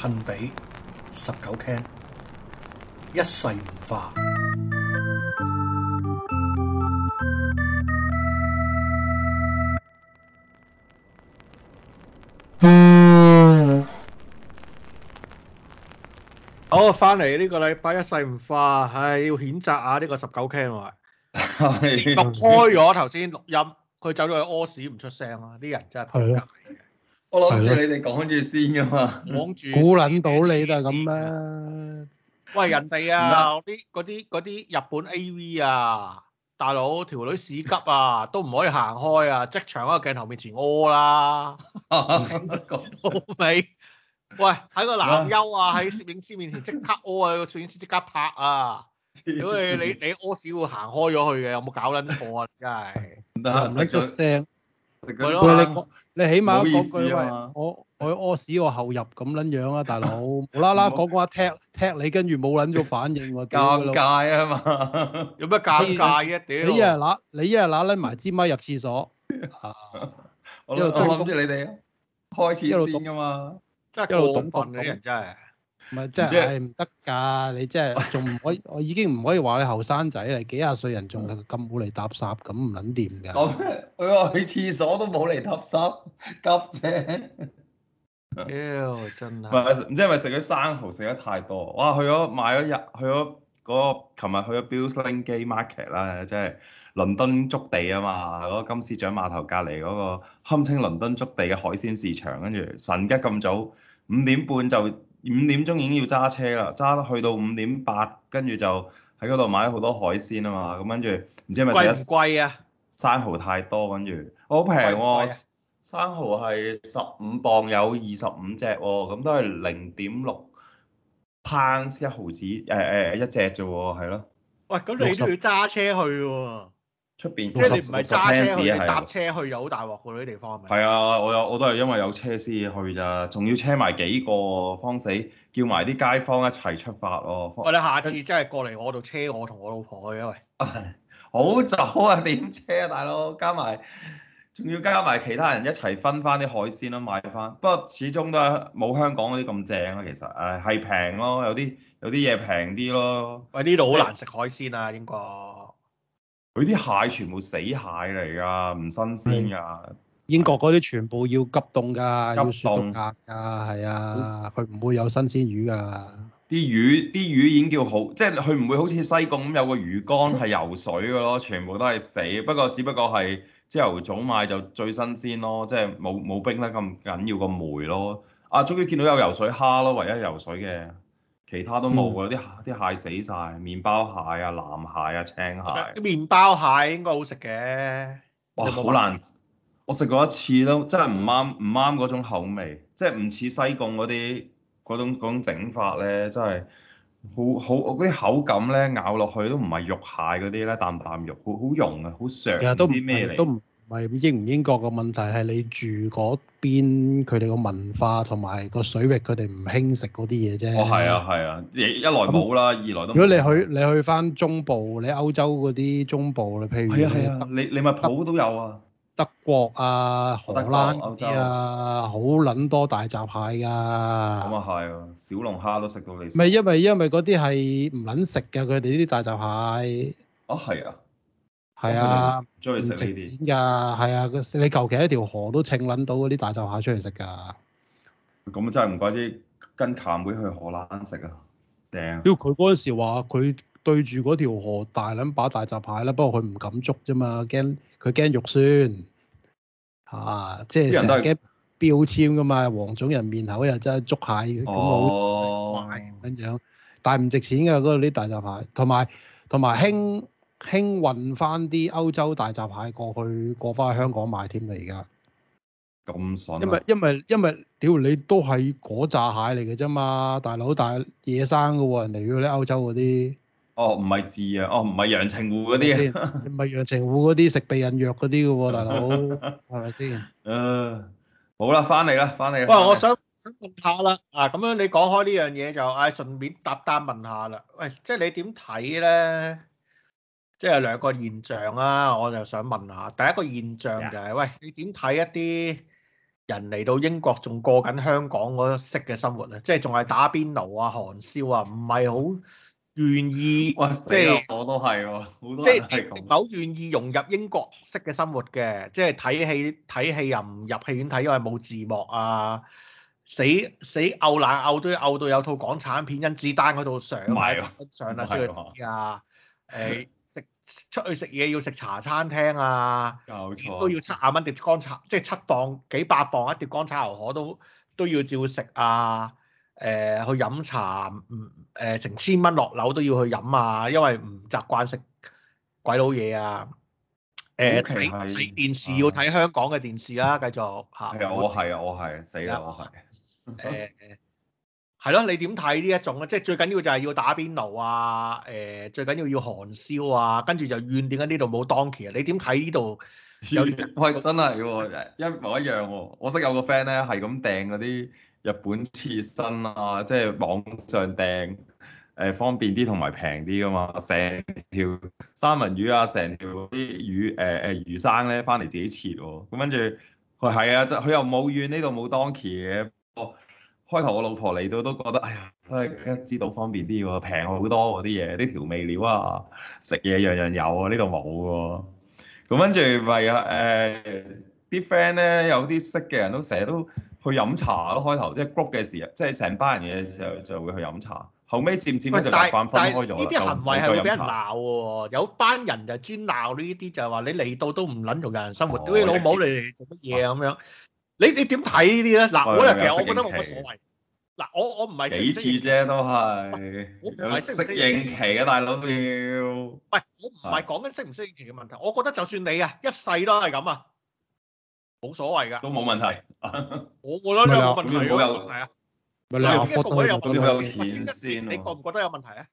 幸比十九 Ken，一世唔化。好，翻嚟呢個禮拜一世唔化，係、哎、要譴責下呢個十九 Ken 啊，切開咗頭先錄音，佢走咗去屙屎唔出聲啊。啲人真係撲街。 我諗住你哋講住先噶嘛，講住估撚到你都係咁啦。喂人哋啊，啲嗰啲嗰啲日本 AV 啊，大佬條女屎急啊，都唔可以行開啊，即場喺個鏡頭面前屙啦。講得咁好味。喂，喺個男優啊，喺攝影師面前即刻屙啊，個攝影師即刻拍啊。如果你你屙屎會行開咗去嘅，有冇搞撚錯啊？真係。唔使出聲。係咯。你起碼講句喂，我我屙屎我後入咁撚樣啊，大佬無啦啦講講下踢踢你，跟住冇撚咗反應喎，尷尬啊嘛！有咩尷尬嘅？屌！你一日揦你一日揦拎埋支咪入廁所，一路等住你哋開始先㗎嘛！真係一路等訓嗰啲人真係。唔係，即係唔得㗎！你真係仲唔可以？ 我已經唔可以話你後生仔啦，幾廿歲人仲係咁冇嚟搭霎咁唔撚掂㗎。佢話去廁所都冇嚟搭霎急啫。妖 真係唔知係咪食咗生蠔食得太多？哇！去咗買咗日，去咗嗰個琴日去咗 Billingsgate Market 啦，即係倫敦築地啊嘛，嗰、嗰個金絲雀碼頭隔離嗰個堪稱倫敦築地嘅海鮮市場，跟住神吉咁早五點半時就～五點鐘已經要揸車啦，揸得去到五點八，跟住就喺嗰度買咗好多海鮮啊嘛，咁跟住唔知係咪貴唔貴啊？生蠔太多，跟住好平喎。生、啊啊、蠔係十五磅有二十五隻喎、哦，咁都係零點六 pounds 一毫子，誒誒一隻啫喎，係咯。喂，咁你都要揸車去喎、哦？出邊，即係你唔係揸車搭車去有好大鑊㗎啲地方係咪？係啊，我有，我都係因為有車先去咋，仲要車埋幾個，方死叫埋啲街坊一齊出發咯。我哋下次真係過嚟我度車，我同我老婆去，嘅喂，好走啊？點車啊，大佬？加埋仲要加埋其他人一齊分翻啲海鮮啦，買翻。不過始終都係冇香港嗰啲咁正啊，其實誒係平咯，有啲有啲嘢平啲咯。喂多，呢度好難食海鮮啊，應該多。佢啲蟹全部死蟹嚟噶，唔新鮮噶。英國嗰啲全部要急凍噶，急凍噶，係啊，佢唔會有新鮮魚噶。啲魚啲魚已經叫好，即係佢唔會好似西貢咁有個魚缸係游水噶咯，全部都係死。不過只不過係朝頭早買就最新鮮咯，即係冇冇冰得咁緊要個梅咯。啊，終於見到有游水蝦咯，唯一游水嘅。其他都冇喎，啲蟹啲蟹死晒，麵包蟹啊、藍蟹啊、青蟹啊。麵包蟹應該好食嘅。哇！好難，我食過一次都真係唔啱唔啱嗰種口味，即係唔似西貢嗰啲嗰種整法咧，真係好好我嗰啲口感咧，咬落去都唔係肉蟹嗰啲咧，啖啖肉，好好溶啊，好常唔知咩嚟。唔係英唔英國嘅問題，係你住嗰邊佢哋個文化同埋個水域，佢哋唔興食嗰啲嘢啫。哦，係啊，係啊，一來冇啦，那二來都。如果你去你去翻中部，你歐洲嗰啲中部啦，譬如啊，係啊，你你咪普都有啊，德國啊、荷蘭嗰啲啊，好撚、哦、多大閘蟹㗎。咁啊係啊，小龍蝦都食到你。唔係因為因為嗰啲係唔撚食㗎，佢哋呢啲大閘蟹。哦，係啊。係啊，出去食啲㗎，係啊，你求其一條河都請撚到嗰啲大閘蟹出嚟食㗎。咁真係唔怪之跟舅妹去荷蘭食啊。正。屌佢嗰陣時話佢對住嗰條河大撚把大閘蟹啦，不過佢唔敢捉啫嘛，驚佢驚肉酸。嚇、啊，即係成日驚標籤㗎嘛，黃種人面口又真係捉蟹咁好壞咁樣，哦、但係唔值錢㗎嗰啲大閘蟹，同埋同埋興，興運翻啲歐洲大閘蟹過去，過翻香港買添嚟而家，咁爽！因為因為因為屌你都係嗰閘蟹嚟嘅啫嘛，大佬大，大野生嘅喎，人哋要啲歐洲嗰啲，哦，哦唔係自然，哦唔係陽澄湖嗰啲，唔係陽澄湖嗰啲食避孕藥嗰啲嘅喎，大佬係咪先？誒、 呃，好啦，翻嚟啦，翻嚟。不過我想想問下啦，啊，咁樣你講開呢樣嘢就順順，唉，順便搭單問下啦，喂，即係，就是、你點睇咧？即係兩個現象啦，我就想問下，第一個現象就係，喂，你點睇一啲人嚟到英國仲過緊香港式嘅生活咧？即係仲係打邊爐啊、韓燒啊，唔係好願意，即係我都係喎，即係唔係好願意融入英國式嘅生活嘅，即係睇戲睇戲又唔入戲院睇，因為冇字幕啊，死死拗爛拗都拗到有套港產片甄子丹嗰度上上啊出去睇啊，誒。出去食嘢要食茶餐廳啊，啊都要七啊蚊碟幹炒，啊、即係七磅幾百磅一碟幹炒牛河都都要照食啊！誒、呃、去飲茶唔誒、呃、成千蚊落樓都要去飲啊，因為唔習慣食鬼佬嘢啊！誒，睇睇電視、啊、要睇香港嘅電視啦、啊，繼續嚇。係啊，啊，我係啊，我係死啦，我係誒。 係咯，你點睇呢一種咧？即係最緊要就係要打邊爐啊！誒、呃，最緊要要韓燒啊，跟住就怨點解呢度冇 Donki 啊？你點睇呢度？喂，真係喎，哦，一模一樣喎，哦！我識有個 friend 咧，係咁訂嗰啲日本刺身啊，即、就、係、是、網上訂誒、呃、方便啲同埋平啲噶嘛，成條三文魚啊，成條啲魚誒誒、呃、魚生咧，翻嚟自己切喎，哦。咁跟住佢係啊，就、嗯、佢又冇怨呢度冇 Donki 嘅。開頭我老婆嚟到都覺得，哎呀，都係知道方便啲喎，平好多嗰啲嘢，啲調味料啊，食嘢樣樣有啊，呢度冇喎。咁跟住咪啊，誒啲 friend 咧，有啲識嘅人都成日都去飲茶咯、啊。開頭即係 group 嘅時候，即係成班人嘅時候就會去飲茶。後尾，漸漸就慢慢分開咗呢啲行為係會俾人鬧喎，有班人就專鬧呢啲，就係、是、話你嚟到都唔撚融入人生活，屌、哦、你老母你嚟做乜嘢咁樣。你你點睇呢啲咧？嗱，嗰日、哎、其實我覺得冇乜所謂。嗱，我我唔係幾次啫，都係、哎、適應期嘅、啊、大佬要。喂、哎，我唔係講緊適唔適應期嘅問題。我覺得就算你啊，一世都係咁啊，冇所謂㗎。都冇問題。 我我兩兩有問題啊。係啊有，唔係問題啊。我點有，有，有錢先、啊？你覺唔覺得有，有問題啊？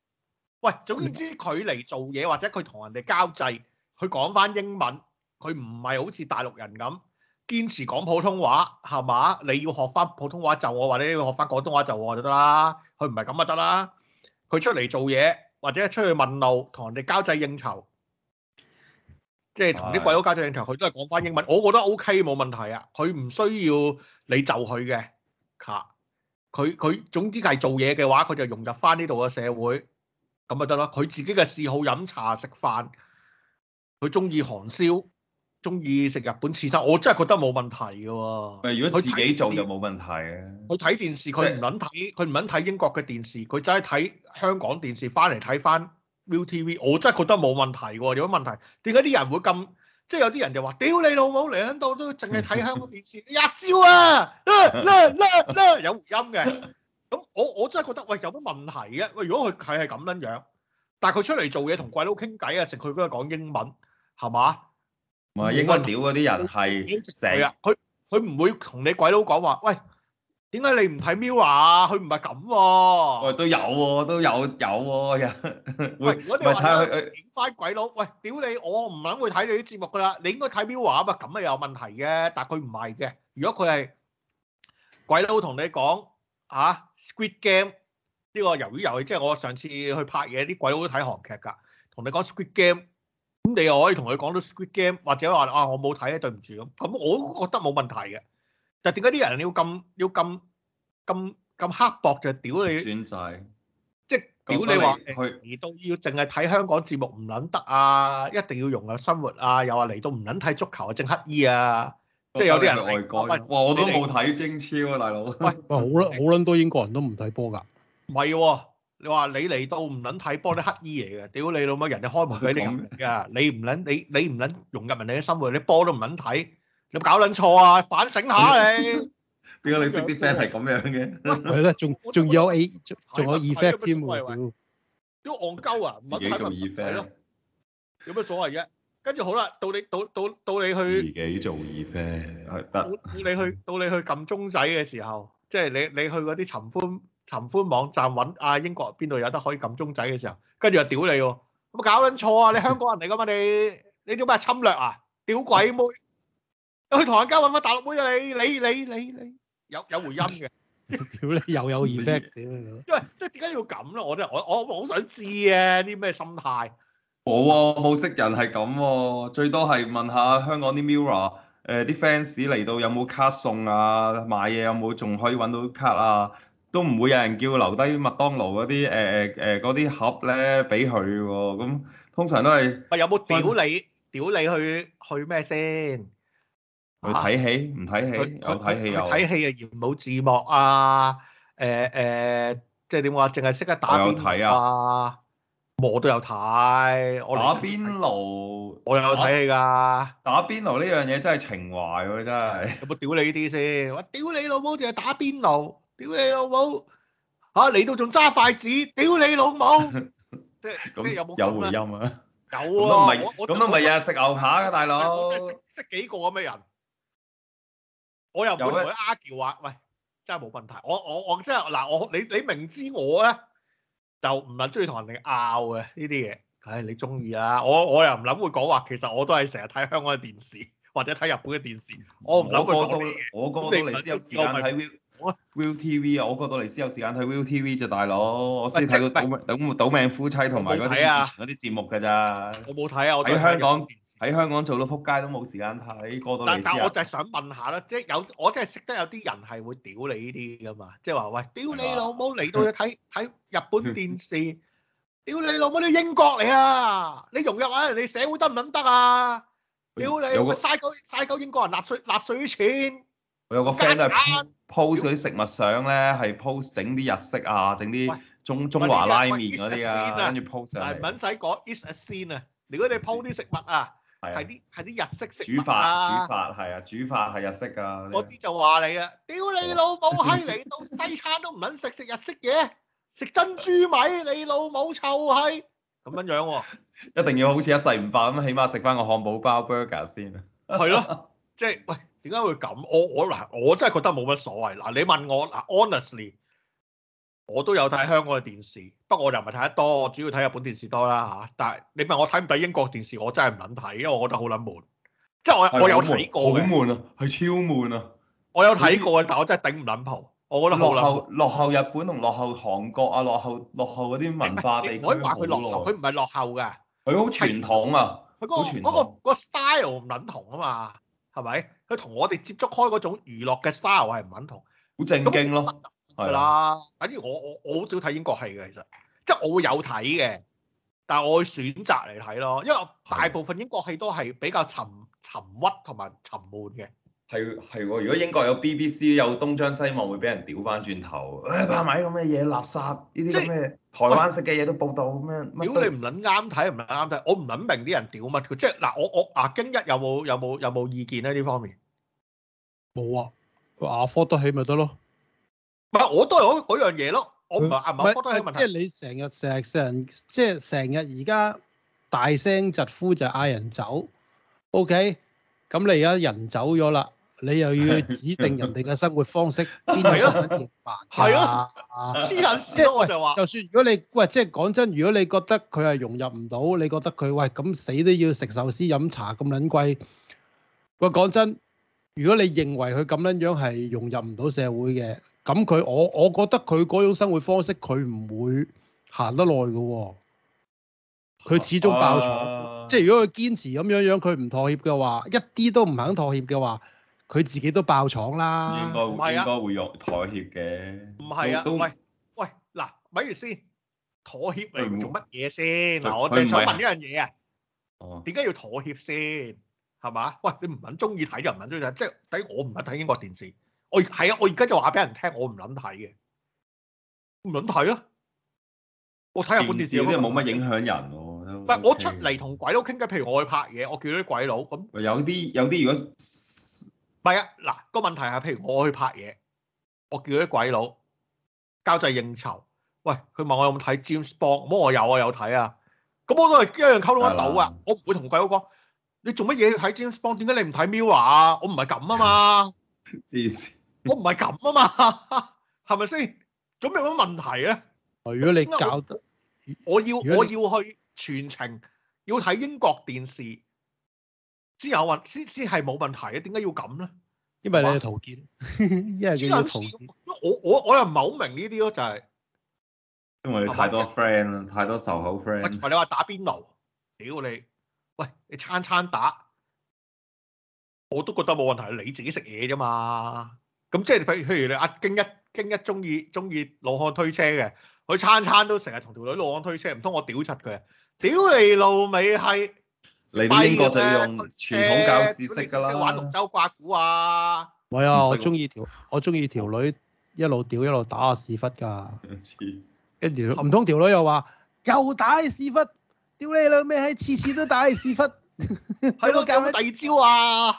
喂，總之，佢嚟做嘢或者佢同人哋交際，佢講翻英文，佢唔係好似大陸人咁。堅持講普通話係嘛？你要學翻普通話就我，或者你要學翻廣東話就我就得啦。佢唔係咁就得啦。佢出嚟做嘢，或者出去問路，同人哋交際應酬，即係同啲鬼佬交際應酬，佢都係講翻英文。我覺得 O K 冇問題啊。佢唔需要你就佢嘅嚇。佢佢總之係做嘢嘅話，佢就融入翻呢度嘅社會咁咪得咯。佢自己嘅嗜好飲茶食飯，佢中意韓燒，中意食日本刺身，我真係覺得冇問題嘅喎、啊。如果佢自己做就冇問題啊！佢睇電視，佢唔撚睇，佢唔撚睇英國嘅電視，佢只係睇香港電視，翻嚟睇翻 ViuTV。我真係覺得冇問題喎、啊，有乜問題？點解啲人會咁？即係有啲人就話：屌你老母，喺度都淨係睇香港電視，你吔蕉啊！有回音嘅。咁我我真係覺得喂，有乜問題啊？喂，如果佢睇係咁撚樣，但係佢出嚟做嘢同鬼佬傾偈啊，食佢都係講英文，係嘛？唔係不應該屌嗰啲人係啊！佢佢唔會同你鬼佬講話，喂，點解你唔睇 MIRROR？佢唔係咁喎。喂，都有喎、啊，都有有喎、啊，又喂，唔係睇佢屌翻鬼佬。喂，屌你，我唔肯去睇你啲節目噶啦。你應該睇 MIRROR 啊嘛，咁啊有問題嘅。但佢唔係嘅。如果佢係鬼佬同你講啊，Squid Game 呢個魷魚遊戲，即係我上次去拍嘢，啲鬼佬睇韓劇噶，同你講 Squid Game。咁你又可以同佢講到 Squid Game，或者話啊我冇睇啊，對唔住咁。咁我覺得冇問題嘅。但係點解啲人要咁要咁咁咁刻薄就屌你？轉、就、仔、是，即係屌你話，而到、呃、要淨係睇香港節目唔撚得啊！一定要融入生活啊！又話嚟到唔撚睇足球啊，正黑衣啊！即係、就是、有啲人外國，哇！我都冇睇英超啊，大佬。喂，好啦多，好撚 多英國人都唔睇波㗎。唔係喎。你話你嚟到唔捻睇波，啲乞衣嚟嘅，屌你老母！人哋開幕俾你噶，你唔捻你你唔捻融入人哋嘅生活，你波都唔捻睇，你搞捻錯啊！反省下你。點解你識啲 friend 係咁樣嘅？係咯，仲仲有 A，仲有二 friend 添喎，都戇鳩啊！自己做二 friend，有乜所謂啫？跟住好啦，到你到到到你去，自己做二 friend 係得。到你去到你去撳鐘仔嘅時候，即係你你去嗰啲尋歡。尋歡網站揾阿英國邊度有得可以撳鐘仔嘅時候，跟住又屌你喎，咁搞緊錯啊！你香港人嚟噶嘛你？你做咩侵略啊？屌鬼妹，你去唐人街揾翻大陸妹啊！你你你你你，有有回音嘅，屌你 又有 reply，屌！因為即係點解要咁咧？我真係我我好想知啊！啲咩心態？冇啊冇識人係咁喎，最多係問下香港啲 Mirror，誒啲 fans 嚟到有冇卡送啊？買嘢有冇仲可以揾到卡啊？都唔會有人叫留低麥當勞嗰啲誒誒誒啲盒咧俾佢喎，咁通常都係。啊有冇屌你屌嗎你去去咩先？去睇戲唔睇戲？有睇戲、啊、有。睇戲啊嫌冇字幕啊誒誒、欸呃，即係點講？淨係識得打邊爐、啊。有睇啊。我都有睇。打邊爐、啊。我有睇戲㗎。打邊爐呢樣嘢真係情懷喎，真係。有冇屌你啲先？我屌你老母，淨係打邊爐。屌你老母！嚇嚟到仲揸筷子，屌你老母！即係咁有冇有回音啊？有啊！咁咪咁咪啊食牛扒嘅大佬！識識幾個咁嘅人，我又唔會啊叫啊！喂，真係冇問題。我我我真係嗱，我你你明知我咧就唔係中意同人哋拗嘅呢啲嘢。唉，你中意啊。我我又唔諗會講話。其實我都係成日睇香港嘅電視或者睇日本嘅電視。我唔諗佢講呢嘢。我過到嚟先有時間睇。我 ViuTV, TV 啊,啊，我過到嚟先有時間睇 ViuTV 啫，大佬。我先睇到賭命夫妻同埋嗰啲以前嗰啲節目㗎咋。我冇睇，我喺香港喺香港做到撲街都冇時間睇過到嚟先。但但我就係想問下咧，即係有我真係識得有啲人係會屌你呢啲噶嘛？即係話喂，屌你老母嚟到你睇睇日本電視，屌 你老母你英國嚟啊！你融入埋人哋社會得唔得啊？屌唉你，嘥鳩嘥鳩英國人納稅納稅錢。我有個 friend 都係 post 啲食物相咧，係 post 整啲日式啊，整啲中中華拉麵嗰啲啊，跟住 post 上嚟。唔使講 it's a scene 啊，如果你 post 啲食物啊，係啲係啲日式食物啊。煮法煮法係啊，煮法係日式啊。嗰啲就話你啊，屌你老母閪嚟到西餐都唔肯食，食日式嘢，食珍珠米，你老母臭閪。咁樣樣喎，一定要好似一世唔化咁起碼食翻個漢堡包 burger 先啊。係咯，即係喂。點解會咁？我我嗱，我真係覺得冇乜所謂嗱。你問我嗱，honestly，我都有睇香港嘅電視，不過我又唔係睇得多，主要睇日本電視多啦嚇、啊。但係你問我睇唔睇英國電視，我真係唔撚睇，因為我覺得好撚悶。即係我是我有睇過嘅，好悶啊！係超悶啊！我有睇過嘅，但我真係頂唔撚蒲。我覺得落後落後日本同落後韓國啊，落後落後嗰啲文化地區。唔可以話佢落後，佢唔係落後嘅。佢好傳統啊！佢嗰是、嗰個、嗰個嗰個嗰個 style 唔撚同啊嘛。係咪佢同我哋接觸開嗰種娛樂嘅 style 係唔肯同，好正經咯，係啦。的等於我我我好少睇英國戲嘅，其實即係我會有睇嘅，但係我會選擇嚟睇咯。因為大部分英國戲都係比較沉沉鬱同埋沉悶嘅。係係喎，如果英國有 BBC 有東張西望，會俾人屌翻轉頭。誒，買咁嘅嘢垃圾？呢啲咁嘅台灣食嘅嘢都報道咁樣。如果你唔撚啱睇唔撚啱睇，我唔撚明啲人屌乜嘅。即係嗱，我我阿京一有冇有冇有冇意見咧？呢方面冇啊，阿科得起咪得咯？唔係，我都係嗰嗰樣嘢咯。我唔係阿科得起問題。即係你成日成成即係成日而家大聲疾呼就嗌人走，OK？咁你而家人走咗啦。你又要指定人哋嘅生活方式，邊樣食飯？係 啊，黐銀黐就話，就算如果你喂、哎、即係講真，如果你覺得佢係融入唔到，你覺得佢喂咁死都要食壽司飲茶咁撚貴，喂、哎、講真，如果你認為佢咁樣樣係融入唔到社會嘅，咁佢我我覺得佢嗰種生活方式佢唔會行得耐嘅喎，佢始終爆錯。啊、即係如果佢堅持咁樣樣，佢唔妥協嘅話，一啲都唔肯妥協嘅話。佢自己都爆廠啦，應該應該會用妥協嘅，唔係啊？喂喂，嗱，比如先妥協嚟做乜嘢先？嗱，我就係想問呢樣嘢啊，哦，點解要妥協先？係嘛？喂，你唔撚中意睇就唔撚中意睇，即係等於我唔撚睇英國電視。我係啊，我而家就話俾人聽，我唔撚睇嘅，唔撚睇咯。我睇日本電視都冇乜影響人喎。唔係我出嚟同鬼佬傾偈，譬如我去拍嘢，我叫啲鬼佬咁。有啲有啲如果。唔係啊！嗱、個問題係，譬如我去拍嘢，我叫啲鬼佬交際應酬。喂，佢問我有冇睇 James Bond，我有，我有啊，有睇啊。咁我都係一樣溝通得到的啊。我唔會同鬼佬講你做乜嘢要睇 James Bond？點解你唔睇 MIRROR 啊？我唔係咁啊嘛。 我唔係咁啊嘛，係咪先？咁有乜問題啊？如果你搞得我要我要去全程要睇英國電視。之後話，先先係冇問題啊？點解要咁咧？因為你係陶傑，因為你係陶傑。我我我又唔係好明呢啲咯，就係、是、因為你太多 friend，吧太多仇口 friend。唔係你話打邊爐，屌你！喂，你餐餐打，我都覺得冇問題。你自己食嘢啫嘛。咁即係譬如譬如你阿經一經一中意中意老漢推車嘅，佢餐餐都成日同條女老漢推車，唔通我屌柒佢？屌你老味係～嚟到英國就要用傳統教士式㗎啦，即係玩龍舟刮鼓啊！唔係啊，我中意條，我中意條女一路屌一路打下屎忽㗎，黐線！跟住唔通條女又話又打屎忽，屌你老咩閪，次次都打屎忽，係我教佢第二招啊！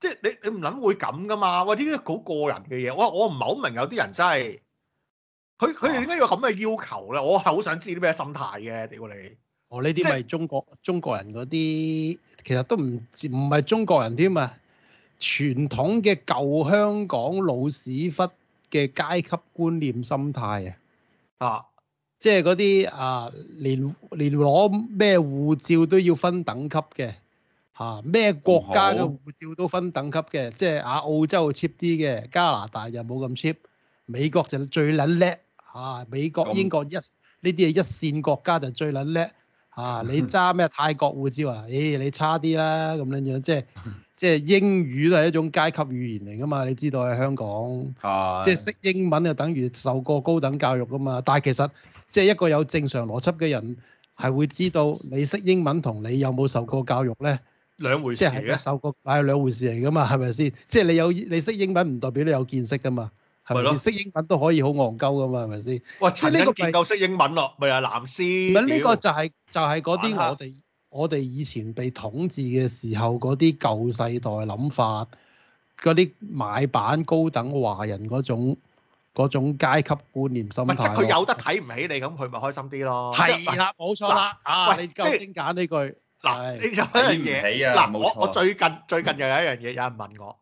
即係 你你唔諗會咁㗎嘛？喂，呢啲好個人嘅嘢，我，我唔係好明有啲人真係，佢佢哋點解要咁嘅要求咧？我係好想知啲咩心態嘅屌你！哦，呢啲咪中國中國人嗰啲，其實都唔唔係中國人添啊。傳統嘅舊香港老屎忽嘅階級觀念心態啊，啊，即係嗰啲啊，連連攞咩護照都要分等級嘅，吓、啊、咩國家嘅護照都分等級嘅，即係啊澳洲 cheap 啲嘅，加拿大就冇咁 cheap，美國就最捻叻吓，美國、英國一呢啲係一線國家就最捻叻。 啊！你揸咩泰國護照啊？咦、哎！你差啲啦咁樣樣，即係即係英語都係一種階級語言嚟㗎嘛？你知道喺、啊、香港， 即係識英文就等於受過高等教育㗎嘛？但係其實即係一個有正常邏輯嘅人係會知道你識英文同你有冇受過教育咧兩回事嚟、啊、嘅，受過乃係兩回事嚟㗎嘛？係咪先？即係你有你識英文唔代表你有見識㗎嘛？係咯？識英文都可以好戇鳩噶嘛？係咪先？哇！即係呢個見夠識英文咯，咪又藍絲。咁呢個就係就係嗰啲我哋我哋以前被統治嘅時候嗰啲舊世代諗法，嗰啲買版高等華人嗰種嗰種階級觀念心態即係佢有得睇唔起你，咁佢咪開心啲咯？係啦，冇錯啦。啊，你精簡呢句嗱，你就一樣嘢嗱，我我最近最近又有一樣嘢，有人問我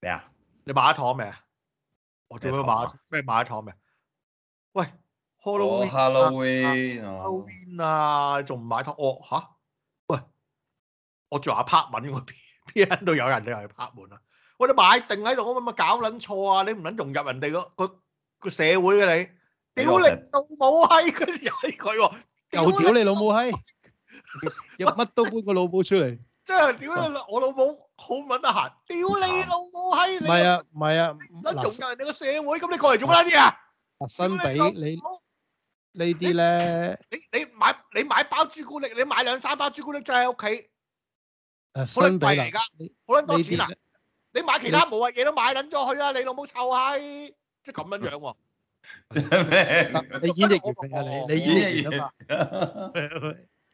咩啊？你買咗糖未啊？我做咩買咩買套咩？喂，Hello Halloween 啊，你仲唔買套？我吓？喂，我仲話拍門，我邊邊都有人哋嚟拍門啊！喂，你買定喺度，我咪咪搞捻錯啊！你唔捻融入人哋個個個社會嘅你，屌你老母閪！佢又係佢喎，屌你老母閪，乜乜都搬個老母出嚟，真係屌你老我老母！好捻得閒，屌你老母係你，唔係啊，唔得，仲有人哋個社會咁，你過嚟做乜嘢啊？阿新俾你呢啲咧，你你買你買包朱古力，你買兩三包朱古力就喺屋企，阿新俾嚟噶，好捻多錢啊？你買其他冇乜嘢都買捻咗去啦，你老母臭閪，即係咁樣樣喎。咩？你演繹完啊你？你演繹完啦？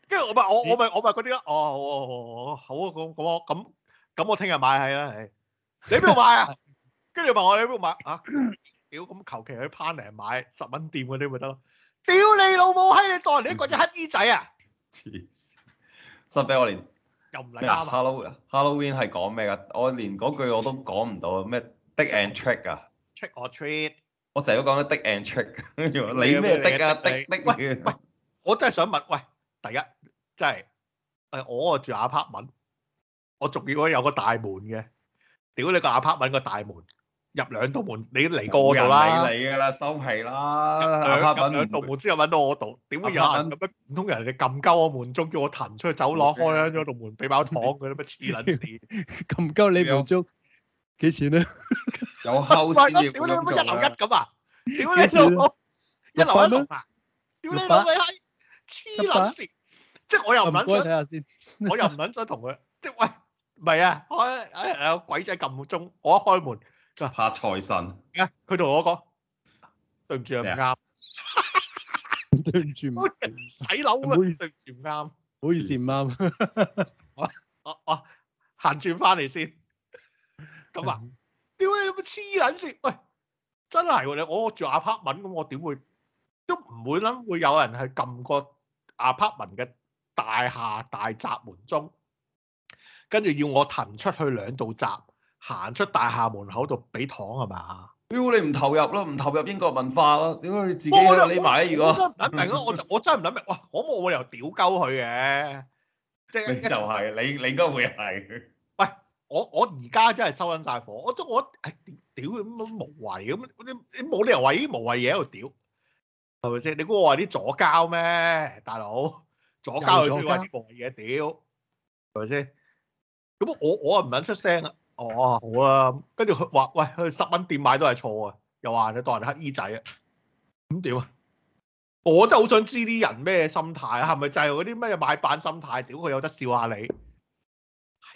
跟住我咪我我咪我咪嗰啲咯，哦好啊咁咁咁。咁我聽日買係啦，係、哎、你邊度買啊？跟住問我你喺邊度買啊？屌、呃，咁求其去潘嚟買十蚊店嗰啲咪得咯？屌你、呃、你老母閪，你當人哋一個隻乞衣仔啊！黐線、啊，十、欸、比我連又唔嚟加啦。Hello，Halloween 係講咩噶？我連嗰句我都講唔到，啊！咩 the and trick 啊？Trick or treat？我成日都講緊 the and trick，跟住你咩的啊？的的喂喂，的喂，我真係想問喂，第一，第一真係誒，我，我住阿 part 文。我仲要我有個大門嘅，屌你個阿 part 揾個大門入兩道門，你嚟過我度啦，你嘅啦，收皮啦，阿 part 兩道門之後揾到我度，點會有人咁樣？唔通人哋撳鳩我門鐘，叫我騰出去走廊開開咗道門，俾包糖佢咩？黐撚線，撳鳩你門鐘幾錢咧？有後線嚟管做啦，屌你乜一樓一咁啊！屌你老母一樓一十萬，屌你老味閪黐撚線，即係我又唔撚想睇下先，我又唔撚想同佢，即係喂。唔係啊，開誒有鬼仔撳鐘，我一開門，吓財神，佢同我講對唔住啊唔啱，對唔住唔使樓啊，對唔住唔啱，好意思唔啱，我我行轉翻嚟先，咁啊，屌你咁黐捻線，喂，真係你我住阿柏文咁，我點會都唔會諗會有人去撳個阿柏文嘅大廈大閘門鐘？跟住要我騰出去兩道閘，行出大廈門口度俾糖係嘛？屌、哎、你唔投入啦，唔投入英國文化啦，點解你自己？冇啦，你埋啊！如果唔諗明咯，我我，我真係唔諗明。哇， 可冇理由屌鳩佢嘅，即係就係、是嗯、你，你應該會係。喂，我我而家真係收緊晒火，我都我係屌咁無謂咁，你你冇理由話依啲無謂嘢喺度屌，係咪先？你估我話啲左膠咩，大佬左膠佢吹開啲無謂嘢屌，係咪先？咁我我啊唔肯出聲啊，哦，好啦，跟住佢話，喂，去十蚊店買都係錯啊，又話你當人乞衣仔啊，咁點啊？我真係好想知啲人咩心態啊，係咪就係嗰啲咩買版心態？屌，佢有得笑下你，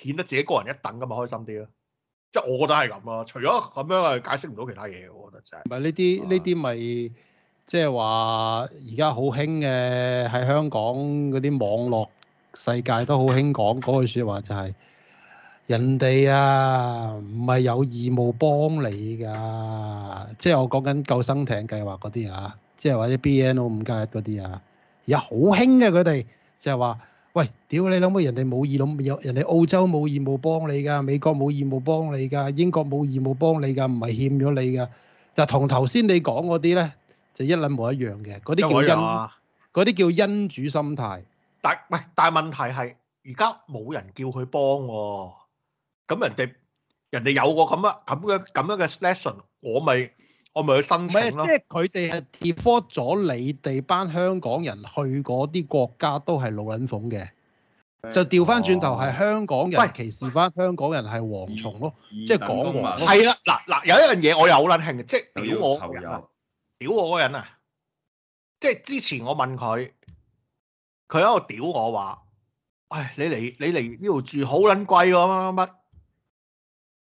顯得自己高人一等咁咪開心啲咯，即係我覺得係咁咯，除咗咁樣係解釋唔到其他嘢，我覺得就係。咪呢啲呢啲咪即係話而家好興嘅喺香港嗰啲網絡世界都好興講嗰句說話就係。人哋啊，唔係有義務幫你㗎，即係我講緊救生艇計劃嗰啲啊，即係或者 BNO 五加一嗰啲啊，而家好興嘅佢哋就係話，喂，屌你諗乜？人哋冇義務，有人哋澳洲冇義務幫你㗎，美國冇義務幫你㗎，英國冇義務幫你㗎，唔係欠咗你㗎，就同頭先你講嗰啲咧，就一撚模一樣嘅。嗰啲叫因嗰啲叫恩主心態。但喂，但問題係而家冇人叫佢幫。咁人哋人哋有個咁啊咁嘅咁樣嘅 Session 我咪我咪去申請咯。即係佢哋係貼貨咗你哋班香港人去嗰啲國家都係老撚瘋嘅，的就調翻轉頭係香港人喂，歧視翻香港人係蝗蟲咯，即係講係啦。嗱嗱有一樣嘢我又好撚興嘅，即係屌我個人，啊，屌我個人啊！即係之前我問佢，佢喺度屌我話，唉，你嚟你嚟呢度住好撚貴㗎乜乜乜。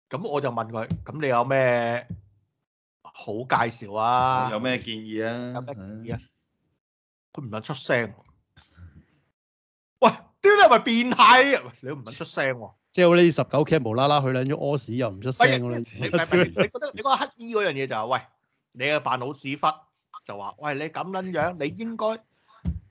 咁我就問佢，咁你有咩好介紹啊？有咩建議啊？有咩建議啊？佢唔肯出聲。喂，屌你係咪變態？你唔肯出聲喎。即係我呢19 Ken 無啦啦，去兩鬱屙屎又唔出聲嗰啲。你覺得你嗰個乞衣嗰樣嘢就係，喂，你係扮老屎忽，就話，喂，你咁撚樣，你應該。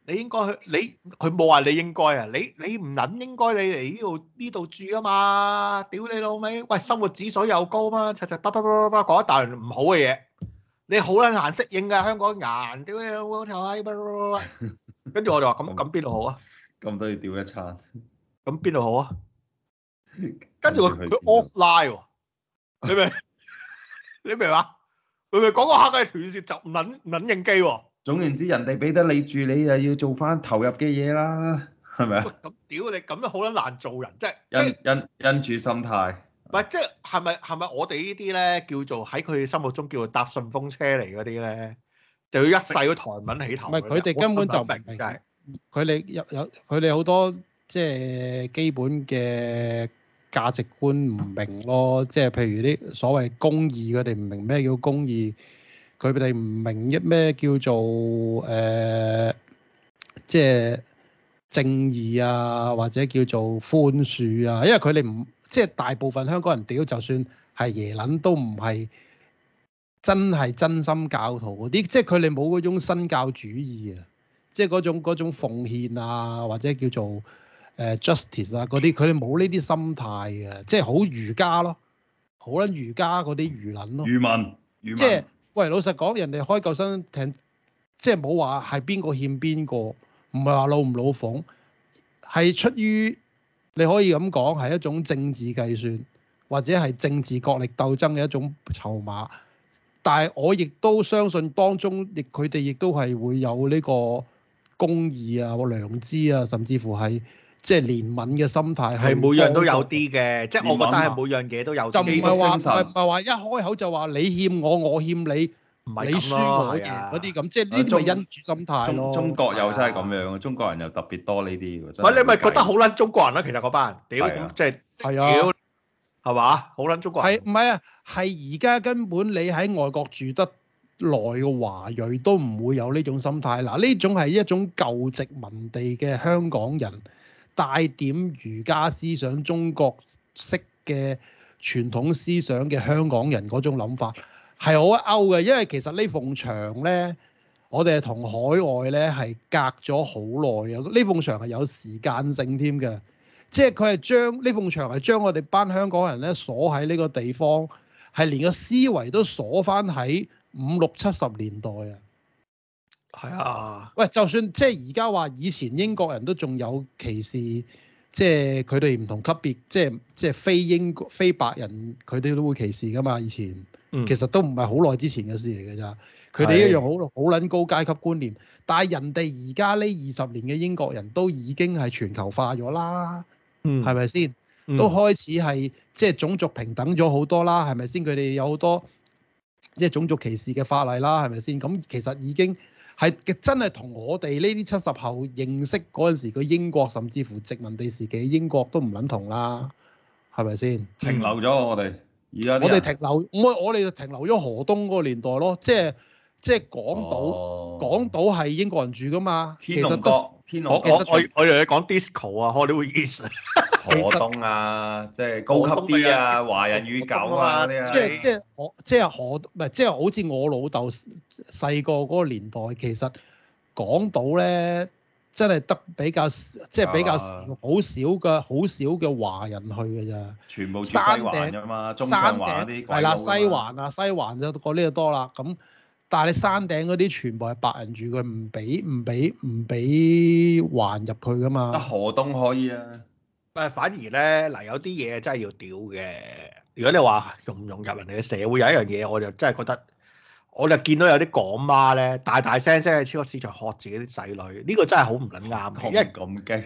你應該去你佢冇話你應該啊，你你唔撚應該，你嚟呢度呢度住啊嘛，屌你老味！喂，生活指數又高嘛，柒柒叭叭叭叭叭講一大輪唔好嘅嘢，你好撚難適應㗎香港人，屌你老頭！跟住我就話咁咁，邊度好啊？咁都要屌一餐？咁邊度好啊？跟住佢佢 offline 喎，你明？你明嘛？明明講個黑鬼斷線就撚撚應機喎。總言之，人哋俾得你住，你又要做翻投入嘅嘢啦，係咪啊？喂，咁屌你咁樣好撚難做人，即係，即係，陰陰住心態。唔係，即係係咪係咪我哋呢啲咧叫做喺佢哋心目中叫做搭順風車嚟嗰啲咧，就要一世都台文起頭。唔係，佢哋根本就唔明。佢哋有有，佢哋好多即係基本嘅價值觀唔明咯。即係譬如啲所謂公義，佢哋唔明咩叫公義。佢哋唔明一咩叫做誒，即、呃、係、就是、正義啊，或者叫做寬恕啊。因為佢哋唔即係大部分香港人屌，就算係耶撚都唔係真係真心教徒嗰啲，即係佢哋冇嗰種新教主義啊，即係嗰種嗰種奉獻啊，或者叫做誒、呃、justice 啊嗰啲，佢哋冇呢啲心態啊，即係好儒家咯，好撚儒家嗰啲愚論咯，愚民，即係、就是。喂，老實講，人哋開救生艇，即係冇話係邊個欠邊個，唔係話老唔老奉，係出於你可以咁講係一種政治計算，或者係政治角力鬥爭嘅一種籌碼。但係我亦都相信當中，亦佢哋亦都係會有呢個公義啊、良知啊，甚至乎係。即係憐憫嘅心態，係每樣都有啲嘅，即係我覺得係每樣嘢都有。就唔係話唔係話一開口就話你欠我，我欠你，你輸我贏嗰啲咁，即係呢個恩主心態咯。中中國又真係咁樣，中國人又特別多呢啲。喂，你咪覺得好撚中國人啦？其實嗰班人，屌咁即係，屌係嘛？好撚中國人。係唔係啊？係而家根本你喺外國住得耐嘅華裔都唔會有呢種心態。嗱，呢種係一種舊殖民地嘅香港人。帶點儒家思想、中國式嘅傳統思想嘅香港人嗰種諗法係好歐嘅，因為其實呢埲牆呢，我哋係同海外呢係隔咗好耐啊！呢埲牆係有時間性添嘅，即係佢係將呢埲牆係將我哋班香港人呢鎖喺呢個地方，係連個思維都鎖返喺五六七十年代啊！係啊，喂，就算即係而家話以前英國人都仲有歧視，即係佢哋唔同級別，即係即係非英非白人，佢哋都會歧視噶嘛。以前，其實都唔係好耐之前嘅事嚟嘅咋。佢哋一樣好好撚高階級觀念，但係人哋而家呢二十年嘅英國人都已經係全球化咗啦，係咪先？都開始係即係種族平等咗好多啦，係咪先？佢哋有好多即係、就是、種族歧視嘅法例啦，係咪先？咁其實已經。係真係同我哋呢啲七十後認識嗰陣時嘅英國，甚至乎殖民地時期英國都唔撚同啦，係咪先？停留咗我哋，而家、嗯、我哋停留，我我哋停留咗河東嗰個年代咯，即係即係港島，哦、港島係英國人住噶嘛。天龍國其實都天龍國，我我我哋講 Disco 啊，我哋會 East 何東啊，即係高級啲啊，華人與狗啊啲啊，啊即係是你即係我即係河唔係即係好似我老豆細個嗰個年代，其實港島咧真係得比較即係比較好少嘅好吧少嘅華人去嘅咋，全部住西環咋嘛，山頂中環啲係啦，西環啊西環就過呢度多啦，咁但係你山頂嗰啲全部係白人住嘅，唔俾唔俾唔俾還入去噶嘛，何東可以啊。誒反而咧嗱，有啲嘢真係要屌嘅。如果你話融唔融入人哋嘅社會，有一樣嘢我就真係覺得，我就見到有啲港媽咧大大聲聲喺超級市場喝自己啲仔女，呢個真係好唔撚啱。因為咁嘅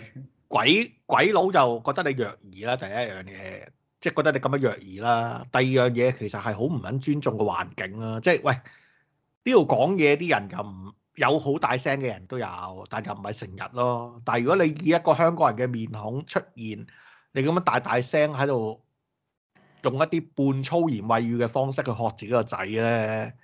鬼鬼佬就覺得你弱兒啦，第一樣嘢，即係覺得你咁樣弱兒啦。第二樣嘢其實係好唔撚尊重個環境啊。即係喂，呢度講嘢啲人就唔～有好大聲嘅人都有，但係又唔係成日咯。但係如果你以一個香港人嘅面孔出現，你咁樣大大聲喺度用一啲半粗言穢語嘅方式去學自己個仔咧，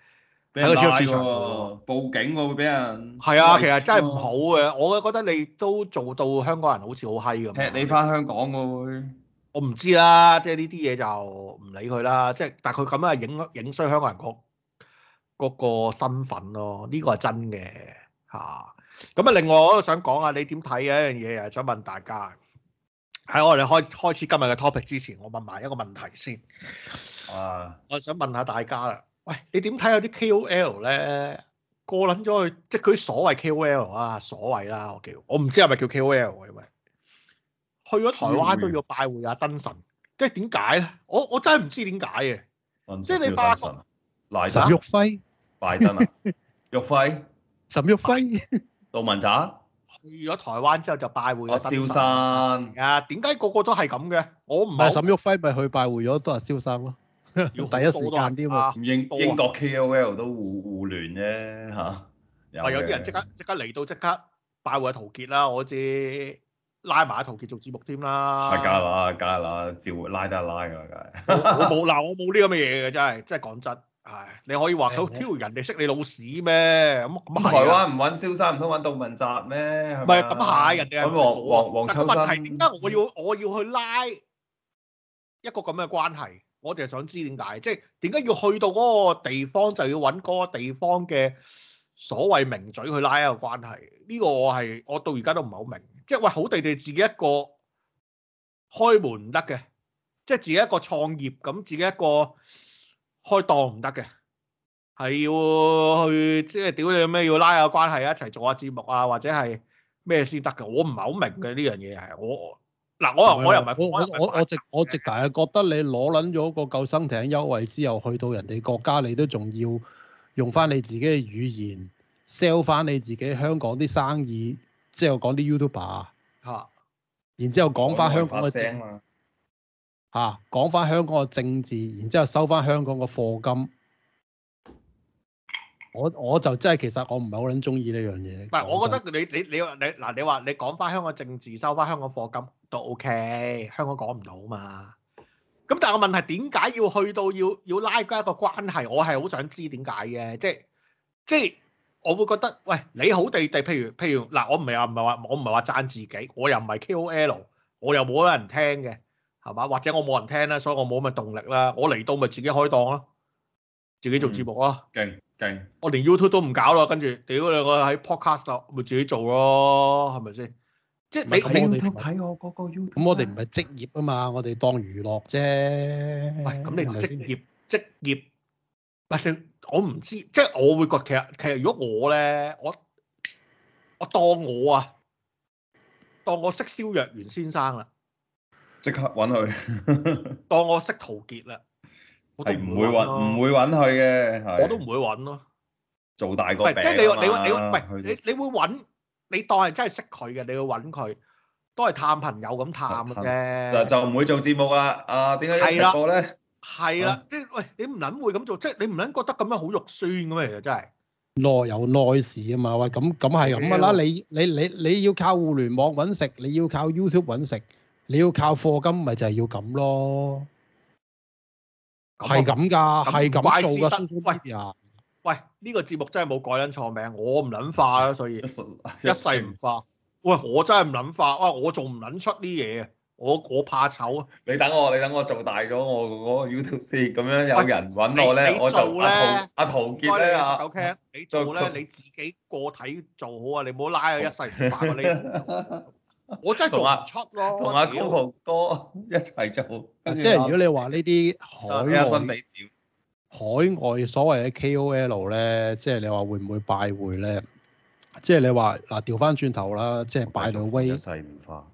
喺個超市度報警會俾人係啊！其實真係唔好嘅。我覺得你都做到香港人好似好閪咁，踢你翻香港我會，我唔知啦。即係呢啲嘢就唔理佢啦。即係但係佢咁樣係影影衰香港人嗰個身份咯，呢、這個係真嘅嚇。咁啊，另外我都想講下你點睇嘅一樣嘢，又係想問大家。喺我哋開開始今日嘅 topic 之前，我問埋一個問題先。啊！我想問下大家啦，喂，你點睇有啲 KOL 咧？過撚咗去，即係佢所謂 KOL 啊，所謂啦，我是是叫我唔知係咪叫 KOL 嘅喂。去咗台灣都要拜會下燈神，即係點解咧？我我真係唔知點解嘅，嗯嗯、即係你發生。黎、呃、玉輝。拜登啊，玉輝，沈旭暉，杜汶澤去咗台灣之後就拜會阿蕭生啊？點解個個都係咁嘅？我唔係沈旭暉，咪去拜會咗都係蕭生咯。第一時間啲喎，英英國 KOL 都互互聯啫嚇。話，有啲人即刻即刻嚟到，即刻拜會阿陶傑啦。我知拉埋阿陶傑做節目添啦。梗係啦，梗係啦，照拉得拉㗎嘛，梗係。我冇嗱，我冇呢咁嘅嘢嘅，真係真係講真。係，你可以話到挑人哋識你老屎咩？咁、啊、台灣唔揾蕭生，唔通揾杜汶澤咩？唔係咁下，人哋揾黃黃黃秋生。問題點解我要我要去拉一個咁嘅關係？我哋係想知點解，即係點解要去到嗰個地方就要揾嗰個地方嘅所謂名嘴去拉一個關係？呢、這個我係我到而家都唔係好明。即、就、係、是、喂，好地地自己一個開門唔得嘅，即、就、係、是、自己一個創業咁，自己一個。開檔唔得嘅，係要去即係屌你咩要拉下關係一齊做下節目啊，或者係咩先得嘅。我唔係好明嘅呢樣嘢係我嗱，我我又唔係我我我，我，我，我，我，我直我直頭係覺得你攞捻咗個救生艇優惠之後，去到人哋國家，你都仲要用翻你自己嘅語言 sell 翻你自己香港啲生意，之後講啲 YouTuber 吓、啊，然之後講翻香港嘅聲。啊吓，講翻、啊、香港嘅政治，然之後收翻香港嘅課金，我我就真係其實我唔係好捻中意呢樣嘢。唔係不，講我覺得你你你你嗱，你話你,你,你,你講翻香港政治，收翻香港課金都 OK，香港講唔到嘛。咁但係我問題點解要去到要要拉加一個關係？我係好想知點解嘅，即係即係我會覺得，喂，你好地地，譬如譬如嗱，我唔係啊唔係話我唔係話讚自己，我又唔係 K O L，我又冇得人聽嘅。係嘛？或者我冇人聽咧，所以我冇咁嘅動力啦。我嚟到咪自己開檔咯，自己做節目咯。勁勁！我連 YouTube 都唔搞咯，跟住屌佢兩個，我喺 Podcast 度，咪自己做咯，係咪先？即係你唔通睇我嗰個 YouTube？咁我哋唔係職業啊嘛，我哋當娛樂啫。喂，咁你職業職業？唔係，我唔知，即係我會覺其實其實，如果我咧，我我當我啊，當我識蕭若元先生啦。即刻揾佢，當我識陶傑啦，係唔會揾唔會揾佢嘅。我都唔會揾咯，做大個。即係你你你唔係你你會揾你當係真係識佢嘅，你去揾佢都係探朋友咁探嘅啫。就就唔會做節目啊！啊點解一齊播咧？係啦，即係，喂你唔撚會咁做，即係你唔撚覺得咁樣好肉酸嘅咩？其實真係耐有耐事啊嘛喂，咁咁係咁嘅啦。你你你你要靠互聯網揾食，你要靠 YouTube 揾食。你要靠課金，咪就係要咁咯，係咁噶，係咁做噶。怪之得呀！喂，呢個節目真係冇改捻錯名，我唔捻化啦，所以一世唔化。喂，我真係唔捻化，哇！我仲唔捻出啲嘢啊！我我怕醜啊！你等我，你等我做大咗，我嗰個 YouTube 咁樣有人揾我咧，我做阿阿陶傑，咧啊，OK。你做咧你自己個體做好啊！你唔好拉我一世唔化我呢。我真係同阿 Chuck 咯，同阿高浩哥一齊做。即係如果你話呢啲海外，點海外所謂嘅 KOL 咧，即係你話會唔會拜會咧？即係你話嗱，調翻轉頭啦，即係拜到威一世唔化，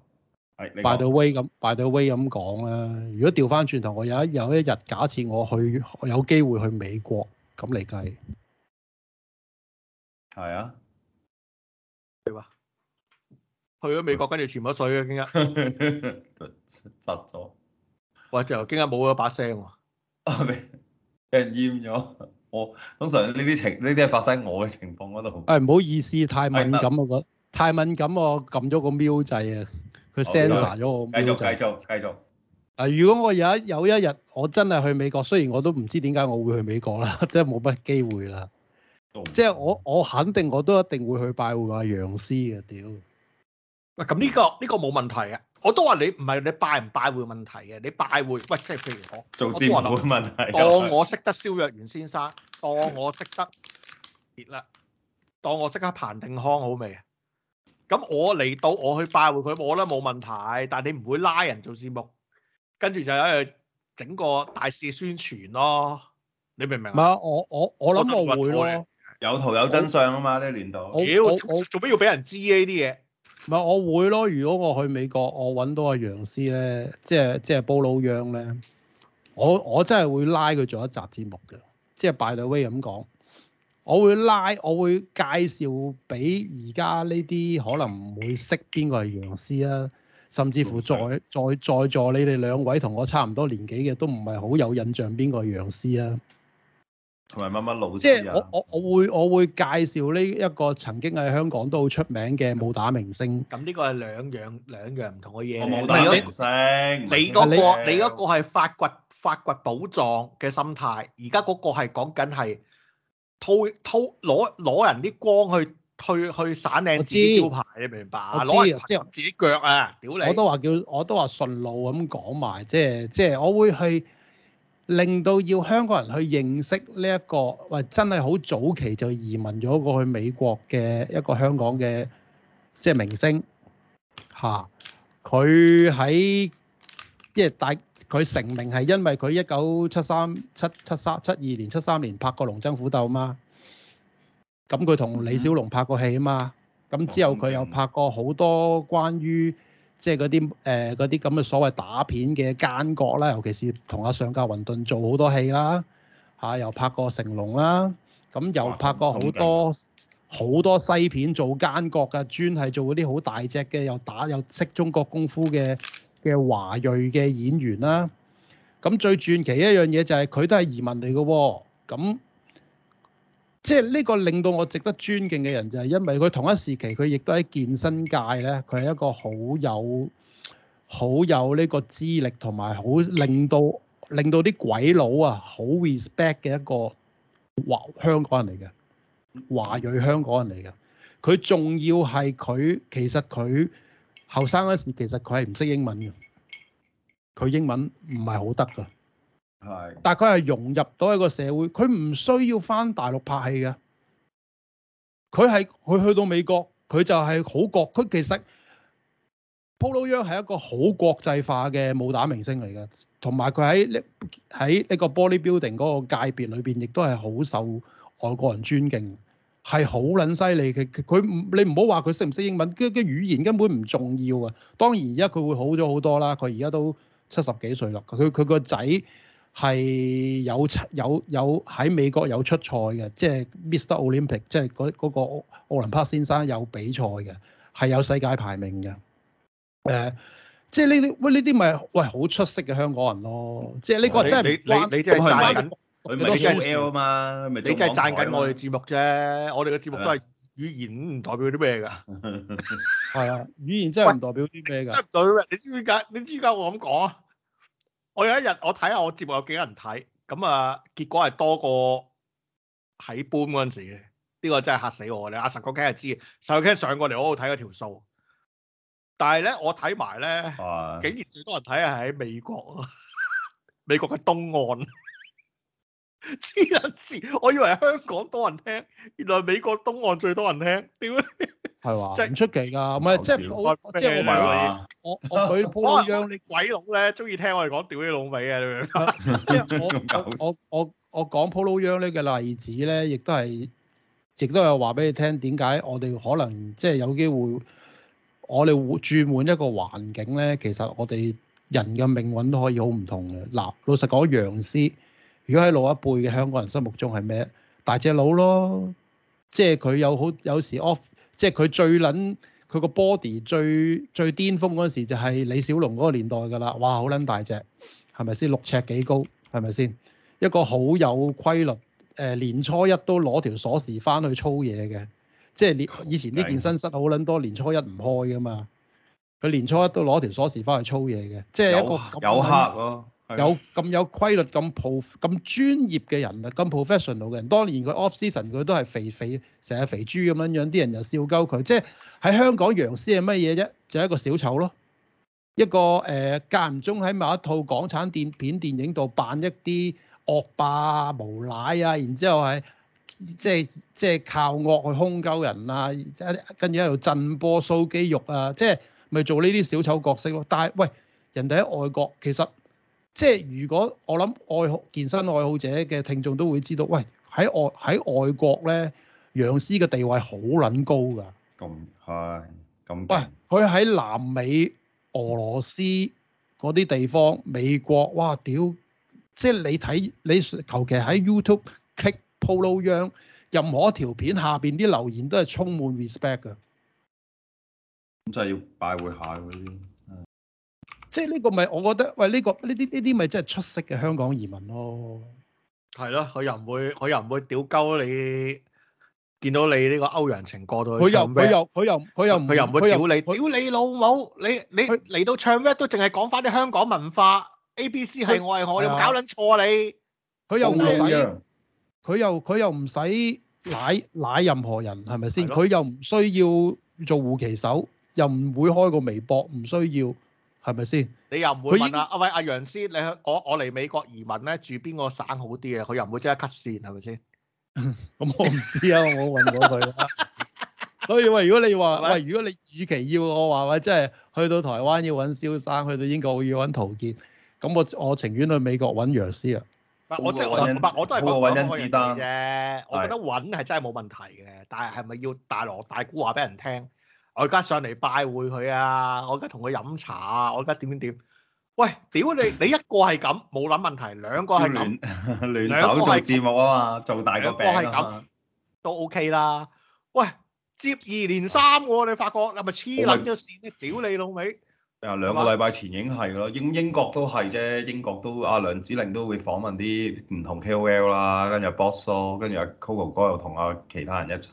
係拜到威咁，拜到威咁講咧。如果調翻轉頭，我有一有一日假設我去我有機會去美國，咁嚟計係啊，對吧？去咗美國，跟住潛咗水嘅，京一窒咗。喂， 最後京一冇咗把聲喎，俾人淹咗。我通常呢啲情，呢啲係發生我嘅情況嗰度。誒，唔好意思，太敏感我覺得，太敏感我撳咗個 mute 掣啊。佢 sensor 咗我 mute 掣。繼續繼續繼續。繼續如果我有一有一日，我真係去美國，雖然我都唔知點解我會去美國啦，即係冇乜機會啦。哦、即係我我肯定我都一定會去拜會阿楊師嘅屌。喂，咁呢個呢個冇問題啊！我都話你唔係你拜唔拜會問題嘅，你拜會喂，即係譬如我做節目會問題。當我我識得肖若元先生，當我識得，撇啦，當我識得彭定康好未啊？咁我嚟到我去拜會佢，我咧冇問題。但係你唔會拉人做節目，跟住就喺度整個大肆宣傳咯。你明唔明啊？唔係啊，我我我諗我會咯。有圖有真相啊嘛！呢年度，做咩、哎、要俾人知呢啲嘢？唔係我會咯，如果我去美國，我揾到阿楊師咧，即係即係布魯楊咧，我我真係會拉佢做一集節目嘅，即係 by the way 威咁講，我會拉，我會介紹俾而家呢啲可能唔會識邊個係楊師啊，甚至乎在在在座你哋兩位同我差唔多年紀嘅，都唔係好有印象邊個係楊師啊。同埋乜乜老即係我我我會我會介紹呢一個曾經喺香港都好出名嘅武打明星。咁呢個係兩樣兩樣唔同嘅嘢。武打明星。你嗰個你嗰個係發掘發掘寶藏嘅心態，而家嗰個係講緊係偷偷攞攞人啲光去去去散靚招牌，你明白啊？攞自己腳啊！屌你！我都話叫我都話順路咁講埋，即係即係我會去。令到要香港人去認識呢、這、一個，喂，真係好早期就移民咗過去美國嘅一個香港嘅即係明星嚇。佢喺即係大佢成名係因為佢一九七三七七三七二年七三年拍過《龍爭虎鬥》嘛。咁佢同李小龍拍過戲啊嘛。咁之後佢又拍過好多關於。即係嗰啲誒啲咁嘅所謂打片嘅奸角啦，尤其是同阿尚格雲頓做好多戲啦，嚇、啊、又拍過成龍啦，咁、啊、又拍過好多好多西片做奸角嘅，專係做嗰啲好大隻嘅，又打又識中國功夫嘅嘅華裔嘅演員啦。咁、啊啊、最傳奇一樣嘢就係、是、佢都係移民嚟嘅喎，咁、啊。啊即係呢個令到我值得尊敬嘅人就係，因為佢同一時期佢亦都喺健身界咧，佢係一個好有好有呢個資歷同埋好令到令到啲鬼佬啊好 respect 嘅一個華香港人嚟嘅華裔香港人嚟嘅。佢仲要係佢其實佢後生嗰時其實佢係唔識英文嘅，佢英文唔係好得㗎。但佢係融入到一個社會，佢唔需要返大陸拍戲嘅。佢係佢去到美國，佢就係好國。佢其實 Bolo 係一個好國際化嘅武打明星嚟嘅，同埋佢喺呢喺呢個 bodybuilding 嗰個界別裏邊，亦都係好受外國人尊敬，係好撚犀利嘅。佢你唔好話佢識唔識英文，嘅嘅語言根本唔重要啊。當然而家佢會好咗好多啦。佢而家都七十幾歲啦，佢佢個仔。係有有有喺美國有出賽嘅，即係 Mr Olympic，即係嗰嗰個奧林匹克先生有比賽嘅，係有世界排名嘅。誒、 啊，即係呢啲喂呢啲咪喂好出色嘅香港人咯。即係呢個真係你你你即係贊緊，你即係嘛？你即係贊緊我哋節目啫。我哋嘅節目都係語言唔代表啲咩㗎。係啊，語言真係唔代表啲咩㗎。即係你知唔知點解？你知唔知點解我咁講啊？我有一日我睇下我節目有幾多人睇。咁啊結果係多過喺 boom 嗰陣時嘅，呢、這個真係吓死我，你阿晨哥梗係知，手機上過嚟我度睇嗰條數，但係咧我睇埋咧，啊、竟然，最多人睇係喺美國，美國嘅東岸，黐撚線！我以為香港多人聽，原來美國東岸最多人聽，屌！係話即係唔出奇㗎，唔係 即係我即係唔係我我佢普羅央你鬼佬咧，中意聽我哋講屌你老味啊！咁樣我我 我我講普羅央呢嘅例子咧，亦都係亦都有話俾你聽點解我哋可能即係有機會，我哋會轉換一個環境咧。其實我哋人嘅命運都可以好唔同嘅。嗱，老實講，楊師如果喺老一輩嘅香港人心目中係咩大隻佬咯，即係佢有好有時 off。即係佢最撚佢個 body 最最巔峰嗰陣時就係李小龍嗰個年代㗎啦，哇，好撚大隻，係咪先？六尺幾高係咪先？一個好有規律誒、呃、年初一都攞條鎖匙翻去操嘢嘅。即係你以前啲健身室好撚多年初一唔開㗎嘛，佢年初一都攞條鎖匙翻去操嘢嘅，即係一個有有客咯、啊。有咁有規律、咁 pro 咁專業嘅人啊，咁 professional 嘅人，當年佢 off season 佢都係肥肥成日肥豬咁樣樣，啲人又笑鳩佢。即係喺香港，楊斯係乜嘢啫？就係、一個小丑咯，一個誒間唔中喺某一套港產電片電影度扮一啲惡霸啊、無賴啊，然之後係即係即係靠惡去兇鳩人啊，跟住喺度震波掃肌肉啊，即係咪做呢啲小丑角色咯？但係喂，人哋喺外國其實。即係如果我諗愛好健身愛好者嘅聽眾都會知道，喂喺外喺外國咧，養師嘅地位好撚高㗎。咁係咁。嗯嗯、喂，佢喺南美、俄羅斯嗰啲地方、美國，哇屌！即係你睇你求其喺 YouTube click polo Young，任何一條片下邊啲留言都係充滿 respect 㗎。咁真係要拜會下嗰啲。即係呢個咪，我覺得喂呢個呢啲呢啲咪真係出色嘅香港移民咯。係咯，佢又唔會，佢又唔會屌鳩你。見到你呢個歐陽靖過到去唱咩？佢又佢又佢又佢又唔佢又唔會屌你屌你老母！你你嚟到唱咩都淨係講翻啲香港文化。A B C 係我係我，你唔搞撚錯啊你！佢又唔使，佢又佢又唔使奶奶任何人係咪先？佢又唔需要做護旗手，又唔會開個微博，唔需要。係咪先？你又唔會問啦？啊喂，阿楊師，你我我嚟美國移民咧，住邊個省好啲嘅？佢又唔會即刻 cut 線，係咪先？咁我唔知啊，我冇問過佢。所以話，如果你話喂，如果你與其要我話喂，即係去到台灣要揾蕭生，去到英國要揾陶傑，咁我我情願去美國揾楊師啊。唔係，我真係唔係，我都係揾揾甄志啫。我覺得揾係真係冇問題嘅，但係係咪要大鑼大鼓話俾人聽？我而家上嚟拜會佢啊！我而家同佢飲茶啊！我而家點點點？喂，屌你！你一個係咁冇諗問題，兩個係咁聯手做節目啊嘛，做大個餅啊嘛，都 OK 啦。喂，接二連三喎、啊，你發覺你咪黐撚咗線？會屌你老味！啊，兩個禮拜前已經係咯，英英國都係啫，英國都阿、啊、梁子玲都會訪問啲唔同 KOL 啦，跟住 Boxo，跟住阿 Coco 哥又同阿其他人一齊。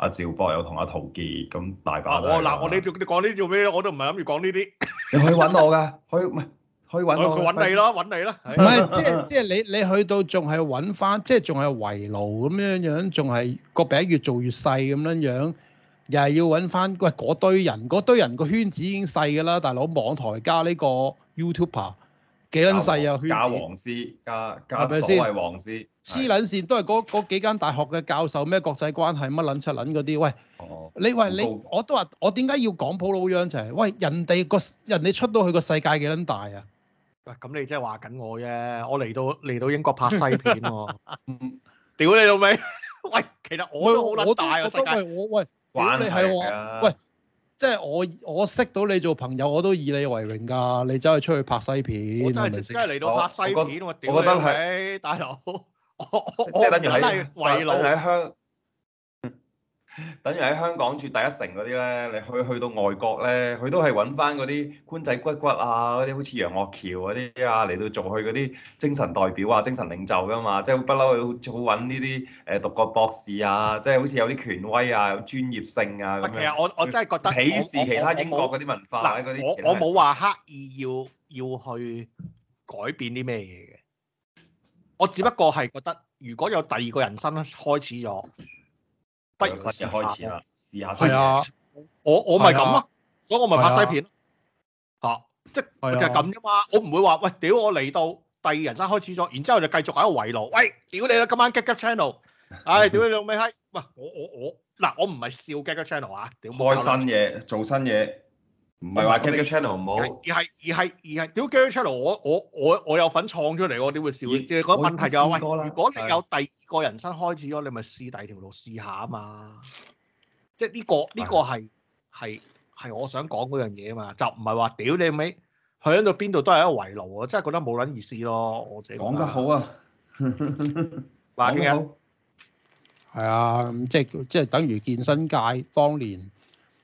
阿、啊、趙博有同阿陶傑咁大把啦。嗱、啊，我你你講呢啲做咩？我都唔係諗住講呢啲。你可以揾我噶， 可以唔係可以揾我。佢揾你咯，揾你咯。唔係即係即係你你去到仲係揾翻，即係仲係圍爐咁樣樣，仲係個餅越做越細咁樣樣，又係要揾翻喂嗰堆人，嗰堆人個圈子已經細㗎啦，大佬網台加呢個 YouTube 啊！幾撚細啊？假黃絲假假所謂黃絲黐撚線，都係嗰嗰幾間大學嘅教授咩國際關係乜撚七撚嗰啲喂。你喂你我都話我點解要講普魯央，就係喂人哋個人哋出到去個世界幾撚大啊？喂，咁你真係話緊我啫，我嚟到嚟到英國拍西片喎。屌你老味！喂，其實我都好撚大個世界。我喂。玩嚟嘅。喂。即係我我識到你做朋友，我都以你為榮㗎。你走去出去拍西片，我真係直情嚟到拍西片，啊我，我屌得係大佬，我覺得你 我我即係等住喺為老，喺香我。等於喺香港住第一城嗰啲咧，你去去到外國咧，佢都係揾翻嗰啲官仔骨骨啊，嗰啲好似楊岳橋嗰啲啊嚟到做佢嗰啲精神代表啊、精神領袖噶嘛，即係不嬲，佢好揾呢啲誒讀過博士啊，即係好似有啲權威啊、有專業性啊。其實我我真係覺得鄙視其他英國嗰啲文化啲。我我冇話刻意要要去改變啲咩嘢嘅，我只不過係覺得如果有第二個人生開始咗。不如新嘅開始啦，試下先。下、啊。我我咪咁咯，啊、所以我咪拍西片咯、啊。嚇、啊，即係、啊、就係咁啫嘛。我唔會話喂，屌我嚟到第二人生開始咗，然之後就繼續喺度圍爐。喂，屌你啦，今晚 Gag Channel，唉，屌你老味閪。喂， 我我我嗱，我唔係笑 Gag Channel 啊。開新嘢，做新嘢。唔係話 get the channel 唔好，而係而係而係屌 get the channel，我我我我有份創出嚟，我點會笑？即係個問題就係喂，如果你有第二個人生開始咗，你咪試第二條路試下啊嘛！即係呢個呢個係係係我想講嗰樣嘢啊嘛，就唔係話屌你尾去喺度邊度都係一個圍爐啊！真係覺得冇撚意思咯，我自己講得好啊，話今日係啊，即係即係等於健身界當年。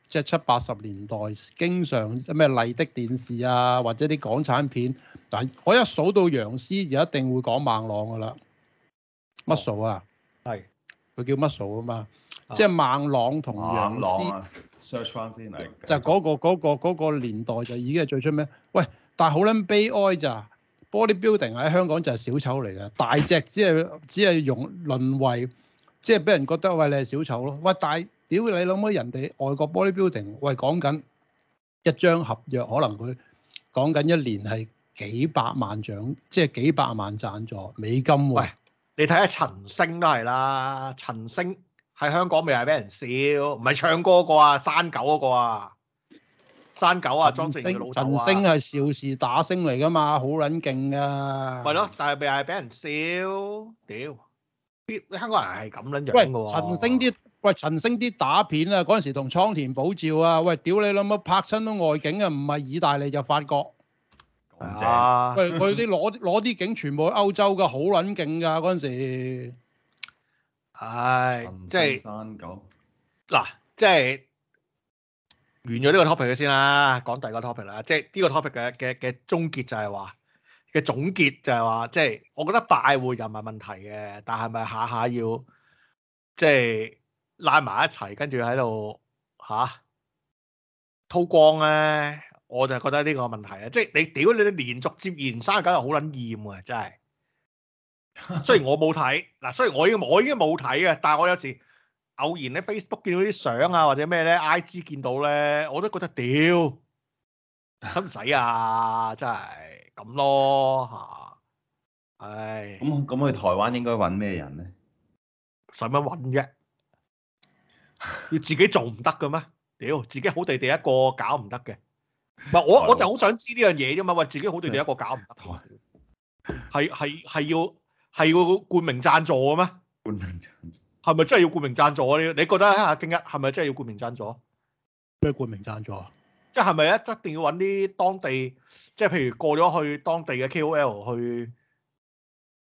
即係七八十年代，經常咩麗的電視啊，或者啲港產片。但係，我一數到楊思就一定會講孟浪噶啦。muscle、哦、啊，係是，佢叫 muscle 啊嘛。啊即係孟朗師、啊、浪同楊思 search 翻先嚟。就嗰、那個嗰、那個嗰、那個那個年代就已經係最出名。喂，但係好撚悲哀咋。bodybuilding 喺香港就係小丑嚟嘅，大隻只係只係用淪為，即係俾人覺得喂、哎、你係小丑咯。喂，但係。屌，你諗下人哋外國 Body Building，喂，講緊一張合約，可能佢講緊一年係幾百萬獎，即係幾百萬贊助美金喎。喂，你睇下陳星都係啦，陳星喺香港咪係俾人笑，唔係唱歌個啊，山狗嗰個啊，山狗啊，莊靜的老公啊，陳星係邵氏打星嚟噶嘛，好撚勁噶。係咯，但係咪係俾人笑？屌，啲你香港人係咁撚樣噶喎。喂，陳星啲。喂，陳星啲打片啊，嗰陣時同倉田保昭啊，喂，屌你老母拍親都外景啊，唔係意大利就法國，咁正、啊。佢啲攞攞啲景全部去歐洲噶，好撚勁噶嗰陣時。係，即係。嗱，即係、就是、完咗呢個 topic 先啦，講第二個 topic 啦，即係呢個 topic 嘅嘅嘅總結就係話嘅總結就係、是、話，即係我覺得拜會又唔係問題嘅，但係咪下下要即係？就是拉埋一齊，跟住喺度吓偷光咧、啊，我就覺得呢個問題啊，即係你屌你哋連續接二連三，梗係好捻厭啊！真係。雖然我冇睇，嗱雖然我已經我已經冇睇啊，但係我有時偶然喺 Facebook 見到啲相啊，或者咩咧 IG 見到咧，我都覺得屌，使唔使啊？真係咁咯吓，唉。咁咁去台灣應該揾咩人咧？使乜揾啫？要自己做唔得嘅咩？屌，自己好地地一個搞唔得嘅，唔係我我就好想知呢樣嘢啫嘛。喂，自己好地地一個搞唔得，係係係要係要冠名贊助嘅咩？冠名贊助係咪真係要冠名贊助啊？你你覺得啊，京一係咪真係要冠名贊助？咩冠名贊助啊？即係咪一一定要揾啲當地，即係譬如過咗去當地嘅 KOL 去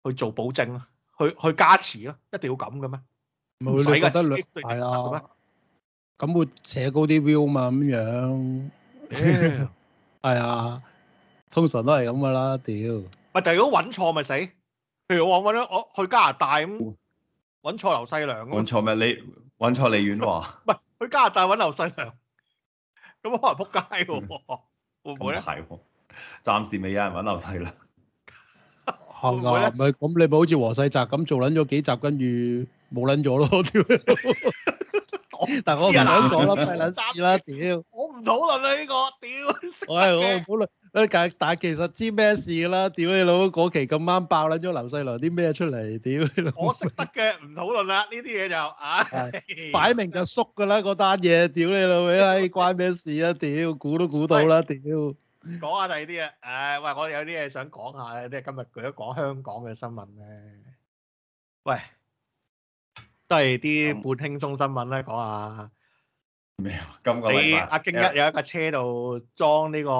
去做保證，去去加持咯，一定要咁嘅咩？咪會你覺得兩係啊？咁會扯高啲 view 嘛？咁樣，係啊，通常都係咁噶啦，屌。咪但係如果揾錯咪死？譬如我揾咗我去加拿大咁，揾錯劉世良咯。揾錯咪？你揾錯李遠華。唔係去加拿大揾劉世良，咁可能撲街嘅，會唔會咧？暫時未有人揾劉世良。係啊，咪咁你咪好似黃世澤咁做撚咗幾集，跟住冇撚咗咯，屌！但係我唔想講啦，係兩三啦，屌！我唔討論啦呢個，屌！我係我唔討論，但但其實知咩事啦，屌你老母！嗰期咁啱爆撚咗劉細良啲咩出嚟，屌！我識得嘅唔討論啦，呢啲嘢就啊，擺明就縮㗎啦，嗰單嘢，屌你老母啊！關咩事啊？屌，估都估到啦，屌！.講下第二啲啊，誒、呃，喂，我有啲嘢想講下咧，即係今日舉一講香港嘅新聞咧。喂，都係啲半輕鬆新聞咧，講下咩啊？你阿勁京一有一架車度裝呢個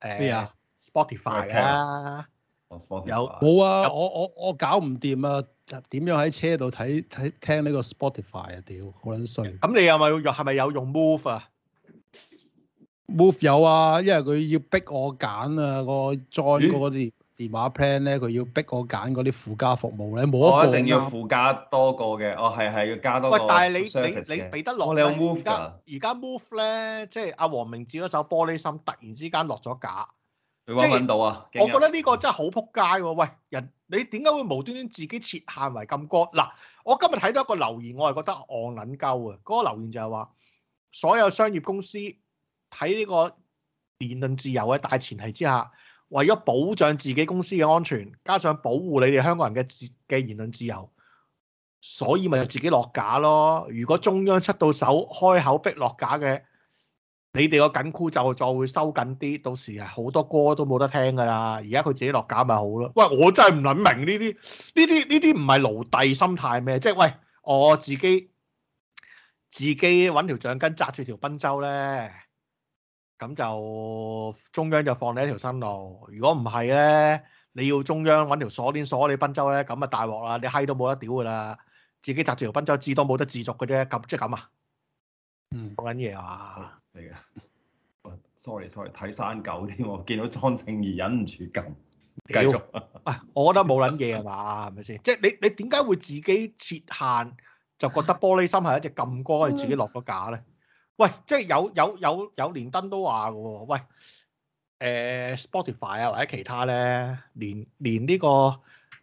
誒咩啊？Spotify 啊？有冇啊，啊？我我我搞唔掂啊！點樣喺車度睇睇聽呢個 Spotify 啊？屌，好卵撚衰！咁你又咪係咪有用 Move 啊？Move 有啊，因為佢要逼我揀啊個 join 嗰啲電話 plan 咧，佢要逼我揀嗰啲附加服務咧，冇一個啊，一定要附加多個嘅，哦，係係要加多個。喂，但係你你你俾得落？我你有 Move 噶。而家 Move 咧，即係阿黃明志嗰首玻璃心突然之間落咗架，你揾唔到啊？我覺得呢個真係好撲街喎！喂人，你點解會無端端自己設限為咁高？嗱，我今日睇到一個留言，我係覺得戇撚鳩啊。嗰個留言就係話，所有商業公司，喺呢個言論自由嘅大前提之下，為咗保障自己公司嘅安全，加上保護你哋香港人嘅自嘅言論自由，所以咪就自己落架咯。如果中央出到手開口逼落架嘅，你哋個緊箍咒再會收緊啲，到時係好多歌都冇得聽㗎喇。而家佢自己落架咪好咯。喂，我真係唔諗明呢啲，呢啲呢啲唔係奴隸心態咩？即係喂，我自己自己揾條橡筋紮住條賓州咧。咁就中央就放你一條生路。如果唔係咧，你要中央揾條鎖鏈鎖鎖你賓州咧，咁啊大鑊啦！你閪都冇得屌噶啦，自己擸住條賓州，至多冇得自續嘅啫。咁即係咁啊！嗯，冇撚嘢啊，死啊。sorry sorry，睇山狗添，我見到莊正怡忍唔住撳，繼續。 我覺得冇撚嘢啊嘛，係咪先？即係你你點解會自己設限，就覺得玻璃心係一隻禁歌， 而自己落個架咧？喂，即係有有有有連登都話嘅喎，喂，誒 Spotify 啊或者其他咧，連連呢個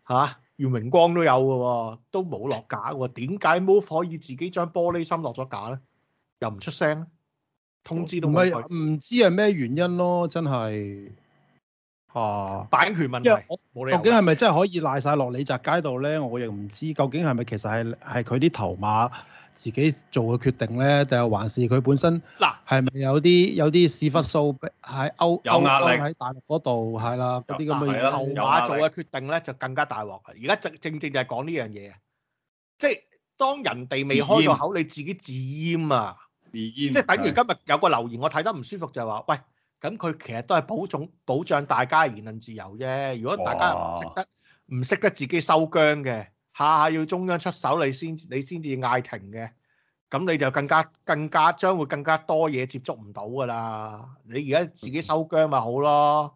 吓，願榮光都有嘅喎，都冇落架嘅喎，點解 MOOV 可以自己將玻璃心落咗架咧？又唔出聲咧，通知都唔係唔知係咩原因咯，真係嚇版權問題，究竟係咪真係可以賴曬落李澤楷度咧？我又唔知究竟係咪其實係係佢啲頭馬。自己做嘅決定咧，定係還是佢本身嗱，係咪有啲有啲屎忽騷喺歐歐洲喺大陸嗰度係啦，咁啲咁嘅後馬做嘅決定咧，就更加大鑊。而家正正正就係講呢樣嘢啊！即係當人哋未開個口，自焉你自己自閹啊！自閹焉，即係等於今日有個留言，我睇得唔舒服就係話：喂，咁佢其實都係保重保障大家言論自由啫。如果大家唔識得唔識哇得自己收薑嘅，下下要中央出手，你先你先至嗌停嘅，咁你就更加更加將會更加多嘢接觸唔到噶啦。你而家自己收薑咪好咯，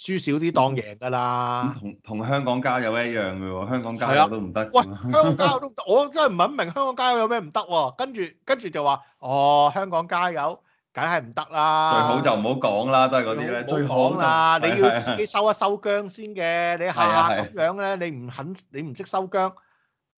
輸少啲當贏噶啦。同同香港加油一樣嘅喎，香港加油都唔得。喂，香港加油都唔得，我真係唔係明香港加油有咩唔得喎？跟住跟住就話哦，香港加油。梗係唔得啦！最好就唔好講啦，都係嗰啲咧。最好就你要自己收一收薑先嘅。你下咁樣咧，你唔肯，你唔識收薑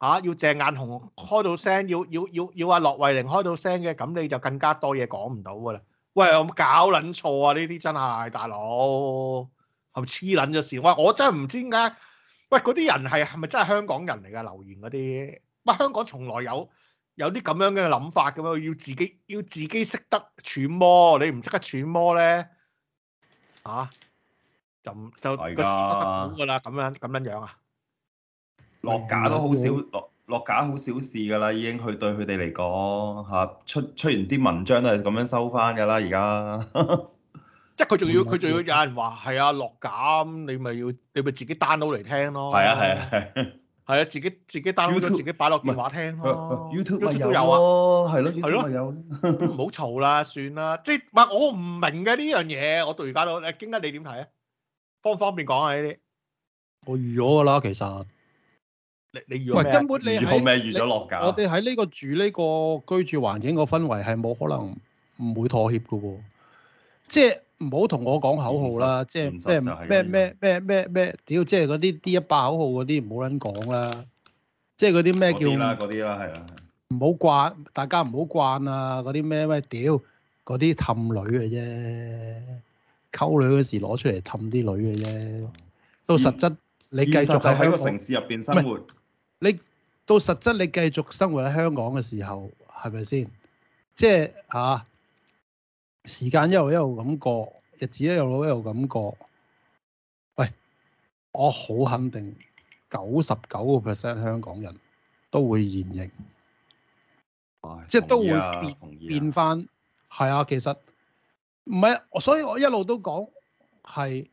嚇，要鄭雁雄開到聲，要要要要阿駱惠寧開到聲嘅，咁你就更加多嘢講唔到㗎啦。喂，有冇搞撚錯啊！呢啲真係大佬，係咪黐撚咗線？喂，我真係唔知點解，喂嗰啲人係係咪真係香港人嚟㗎？留言嗰啲，乜香港從來有？有啲咁樣嘅諗法咁樣，要自己要自己識得揣摩，你唔識得揣摩咧，啊，就唔就個市都得估噶啦，咁的樣咁樣樣啊。落架都好少，哦、落落價好少事噶啦，已經佢對佢哋嚟講嚇出出完啲文章都係咁樣收翻噶啦，而家。 即係佢仲要佢仲要有人話係啊，落架，你咪要你咪自己 d 佬嚟聽咯。係啊係啊係。係啊，自己自己 download，自己擺落電話聽 YouTube 都有啊，係咯，係咯，唔好嘈啦，算啦。即係唔係我唔明嘅呢樣嘢，我到而家都，阿京一你點睇啊？方唔方便講啊？呢啲我預咗噶啦，其實。你你預咗咩？根本你係我哋喺呢個住呢個居住環境個氛圍係冇可能唔會妥協噶喎，即係。唔好同我講口號啦，即係咩咩咩咩咩咩屌，即係嗰啲啲一百口號嗰啲唔好撚講啦，即係嗰啲咩叫啲啦，係啦。唔好慣，大家唔好慣啊！嗰啲咩咩屌，嗰啲氹女嘅啫，溝女嗰時攞出嚟氹啲女嘅啫。到實質，你繼續喺個城市入邊生活。你到實質，你繼續生活喺香港嘅時候係咪先？即係啊！時間一路一路咁過，日子一路一路咁過。喂，我好肯定，九十九個 percent 香港人都會現形，哎、即係都會變、啊、變翻回。係啊，啊，其實唔係，所以我一路都講係，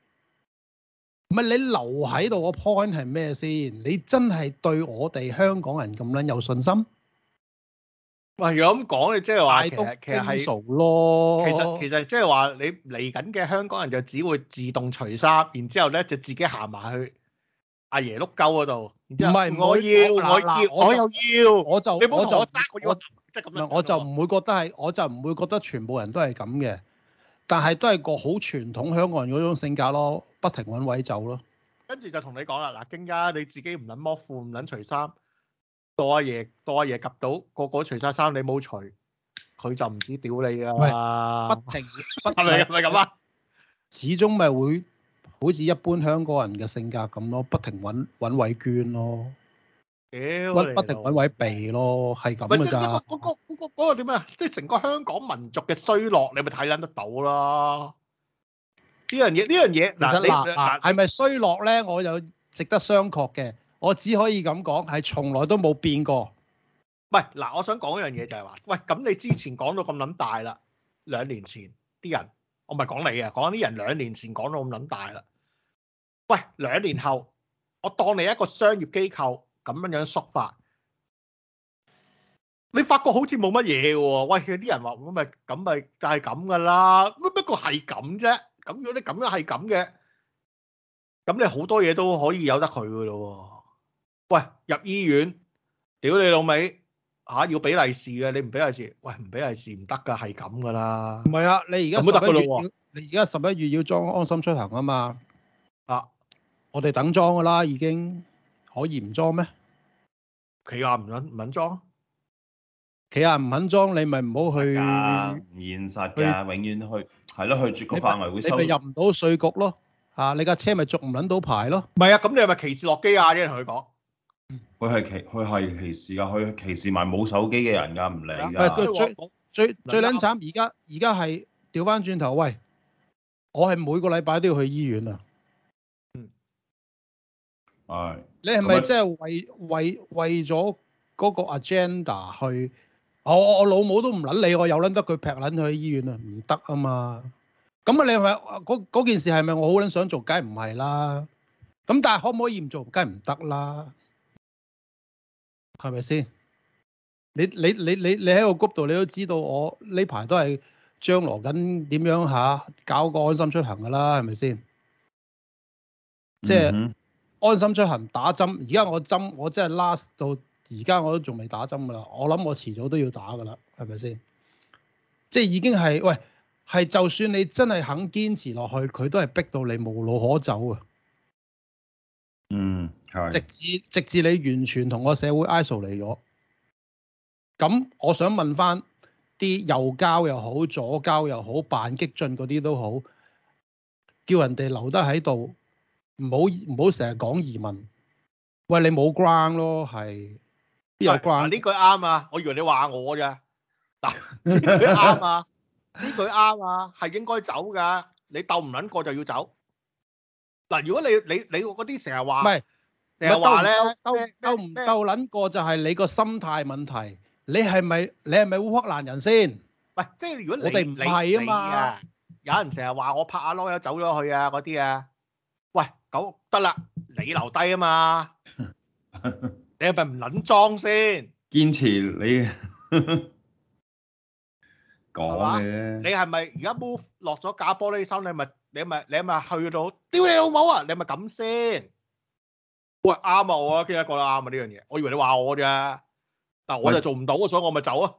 唔係你留喺度個 point 係咩先？你真係對我哋香港人咁撚有信心？話如果咁講，你即係話，其實其實係咯，其實其實即係話，你嚟緊嘅香港人就只會自動除衫，然之後咧就自己行埋去阿爺碌鳩嗰度。唔係，我要，我要，我又有要，我就你唔好同我爭，我即係咁樣，我就唔會覺得係，我就唔會覺得全部人都係咁嘅，但係都係個好傳統香港人嗰種性格咯，不停揾位走咯。跟住就同你講啦，嗱，驚家你自己唔捻剝褲，唔捻除衫。當阿爺當阿爺及到個個除晒衫，你冇除，佢就唔止屌你噶啦，不停不停係咪咁啊？ 人始終咪會好似一般香港人嘅性格咁咯，不停揾揾位捐咯，不不停揾位避咯，係咁噶咋？唔係嗰嗰嗰嗰個點啊、嗰個嗰個嗰個？即係成個香港民族嘅衰落，你咪睇得得到啦？呢樣嘢呢樣嘢嗱嗱係咪衰落咧？我又值得商榷嘅。我只可以咁講，係從來都冇變過。喂，嗱，我想講一樣嘢就係話，喂，咁你之前講到咁撚大啦，兩年前啲人，我唔係講你啊，講啲人兩年前講到咁撚大啦。喂，兩年後我當你一個商業機構咁樣樣縮法，你發覺好似冇乜嘢喎。喂，佢啲人話咁咪咁咪就係咁噶啦。乜不過係咁啫？咁樣咧，咁樣係咁嘅，咁你好多嘢都可以由得佢噶咯喎。喂，入醫院，屌你老味，吓、啊、要俾利是嘅，你唔俾利是，喂唔俾利是唔得噶，係咁噶啦。唔係啊，你而家十一月，啊、你而家十一月要裝安心出行啊嘛。啊，我哋等裝噶啦，已經可以唔裝咩？企亞唔捻唔捻裝，企亞唔肯裝，你咪唔好去。啊！現實噶，永遠去係咯，去絕谷範圍會收。你咪入唔到稅局咯，吓你架車咪續唔捻到牌咯。唔係啊，咁你係咪歧視諾基亞啊？啲人同佢講。佢係歧，佢係歧視,歧視的的啊！佢歧視埋冇手機嘅人㗎，唔理，㗎最。佢我最最最撚慘。而家而家係調翻轉頭。喂，我係每個禮拜都要去醫院啊。嗯，哎、你係咪即係為為為咗嗰個 agenda 去？我我,我老母都唔撚理我，有撚得佢劈撚去醫院啊？唔得啊嘛。咁啊，你係咪嗰件事係咪我好撚想做？梗係唔係啦。咁但係可唔可以唔做？梗係唔得啦。係咪先？你你你你喺個谷度，你都知道我呢排都係張羅緊點樣吓，搞個安心出行噶啦，係咪先？即係安心出行打針，而家我針我真係 last 到而家我都仲未打針噶啦，我諗我遲早都要打噶啦，係咪先？即係已經係喂，係就算你真係肯堅持落去，佢都係逼到你無路可走啊。嗯。直至直至你完全同個社會 isolate 咗，咁我想問翻啲右膠又好，左膠又好，扮激進嗰啲都好，叫人哋留得喺度，唔好唔好成日講移民，喂，你冇 ground 咯，係邊有 ground？呢句啱啊！我以為你話我咋？嗱，呢句啱啊，呢 句啱啊，係應該走㗎，你鬥唔撚過就要走。嗱，如果你你你嗰啲成日話，咪鬥咧，夠夠唔夠撚過就係你個心態問題。你係咪你係咪烏克蘭人先？喂，即係如果你我哋唔係啊嘛。有人成日話我拍下攞咗走咗去啊，嗰啲啊。喂，咁得啦，你留低啊嘛。你係咪唔撚裝先？堅持你講嘅。你係咪而家 move 落咗假玻璃心？你咪你咪你咪去到屌你老母啊！你咪咁先。喂啱啊，我啊，今日一個啦啱啊呢樣嘢，我以為你話我啫，但我就做唔到，啊，所以我咪走啊。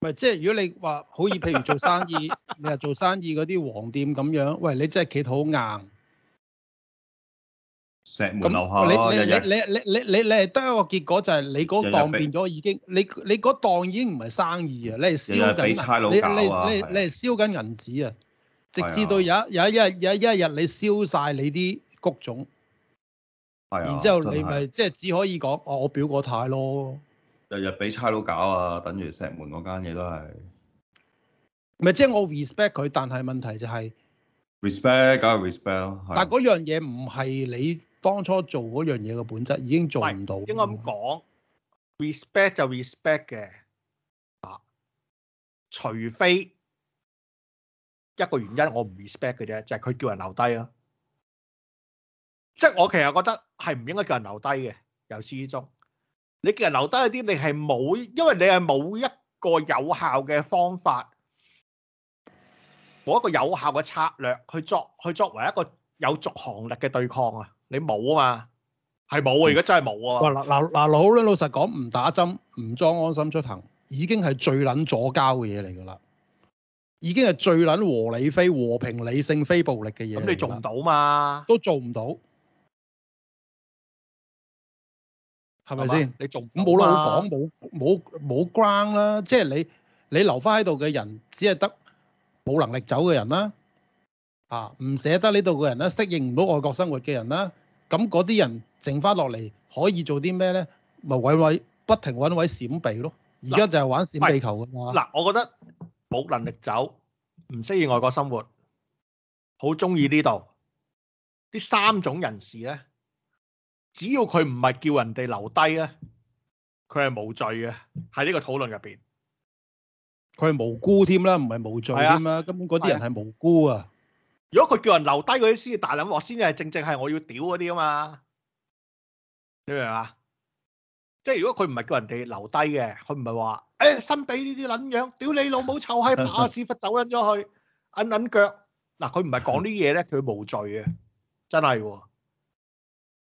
唔係即係如果你話好似譬如做生意，你係做生意嗰啲黃店咁樣，喂，你真係企得好硬。石門樓下你你你你你你你係得一個結果就係你嗰檔變咗已經，你你嗰檔已經唔係生意啊，你係燒緊，你你你係燒緊銀紙啊，直至到有一有一一有一日你燒晒你啲谷種。然之後你咪即係只可以講，哦，我表個態咯。日日俾差佬搞啊，等於石門嗰間嘢都係。咪即係我 respect 佢，但係問題就係、是、respect 梗係 respect。但係嗰樣嘢唔係你當初做嗰樣嘢嘅本質，已經做唔到。應該咁講、嗯、respect 就 respect 嘅。啊，除非一個原因我唔 respect 嘅啫，就係、是、佢叫人留低啊。即係我其實覺得係唔應該叫人留低嘅，由始至終。你叫人留低嗰啲，你係冇，因為你係冇一個有效嘅方法，冇一個有效嘅策略去作，去作為一個有續航力嘅對抗啊！你冇啊嘛，係冇啊！而家真係冇啊！嗱嗱嗱，老咧老實講，唔打針、唔裝安心出行，已經係最撚左膠嘅嘢嚟㗎啦，已經係最撚和理非和平理性非暴力嘅嘢。咁你做唔到嘛？都做唔到。係咪先？你做咁冇得冇講，冇冇冇關啦。即係你你留翻喺度嘅人，只係得冇能力走嘅人啦。啊，唔捨得呢度嘅人啦，適應唔到外國生活嘅人啦。咁嗰啲人剩翻落嚟，可以做啲咩咧？咪揾位，不停揾位閃避咯。而家就係玩閃避球㗎嘛。嗱，我覺得冇能力走，唔適應外國生活，好中意呢度，呢三種人士咧。只要佢唔係叫人哋留低咧，佢係無罪嘅。喺呢個討論入邊，佢係無辜添啦，唔係無罪添啦。根本嗰啲人係無辜啊！如果佢叫人留低嗰啲先至大捻鑊，先至係正正係我要屌嗰啲啊嘛！你明嘛？即係如果佢唔係叫人哋留低嘅，佢唔係話誒，新比呢啲捻樣，屌你老母臭閪，把屎忽走人咗去，捻捻腳。嗱，佢唔係講呢啲嘢咧，佢無罪嘅，真係。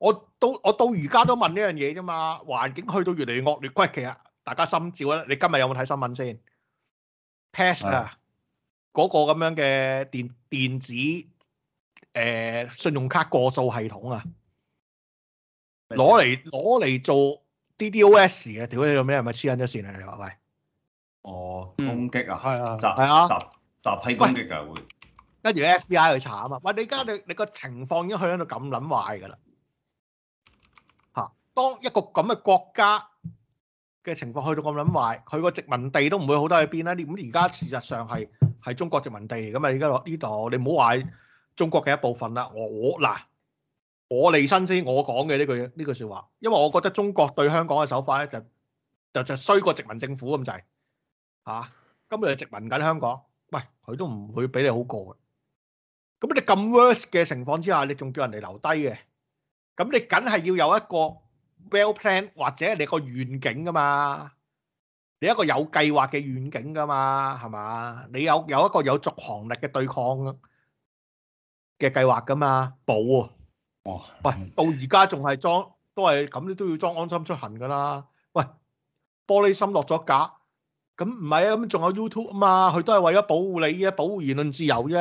我到我到而家都問呢樣嘢啫嘛，環境去到越嚟越惡劣。喂，其實大家心照啦。你今日有冇睇新聞先？Past 啊，嗰是的 個咁樣嘅電電子誒、呃、信用卡過數系統啊，攞嚟攞嚟做 DDOS 嘅，屌，你做咩？係咪黐緊咗線嚟？你話喂，哦、呃，攻擊啊，係啊，集係啊，集集體攻擊啊會。跟住 FBI 去查啊嘛。喂，你而家你你個情況已經去喺度咁諗壞噶啦。當一個咁嘅國家嘅情況去到咁捻壞，佢個殖民地都唔會好得去邊啦。咁而家事實上係係中國殖民地嚟，咁啊而家落呢度你唔好話中國嘅一部分啦。我我嗱，我嚟新先，我講嘅呢句呢句說話，因為我覺得中國對香港嘅手法咧，就就就衰過殖民政府咁滯吓。今日殖民緊香港，喂佢都唔會俾你好過嘅。咁你咁 worse 嘅情況之下，你仲叫人哋留低嘅，咁你緊係要有一個。Well plan 或者係你個願景㗎嘛？你一個有計劃嘅願景㗎嘛？係嘛？你有有一個有續航力嘅對抗嘅計劃㗎嘛？保喎，哇！喂，到而家仲係裝都係咁，都要裝安心出行㗎啦。喂，玻璃心落咗架咁唔係啊？咁仲有 YouTube 啊嘛？佢都係為咗保護你呀，保護言論自由啫。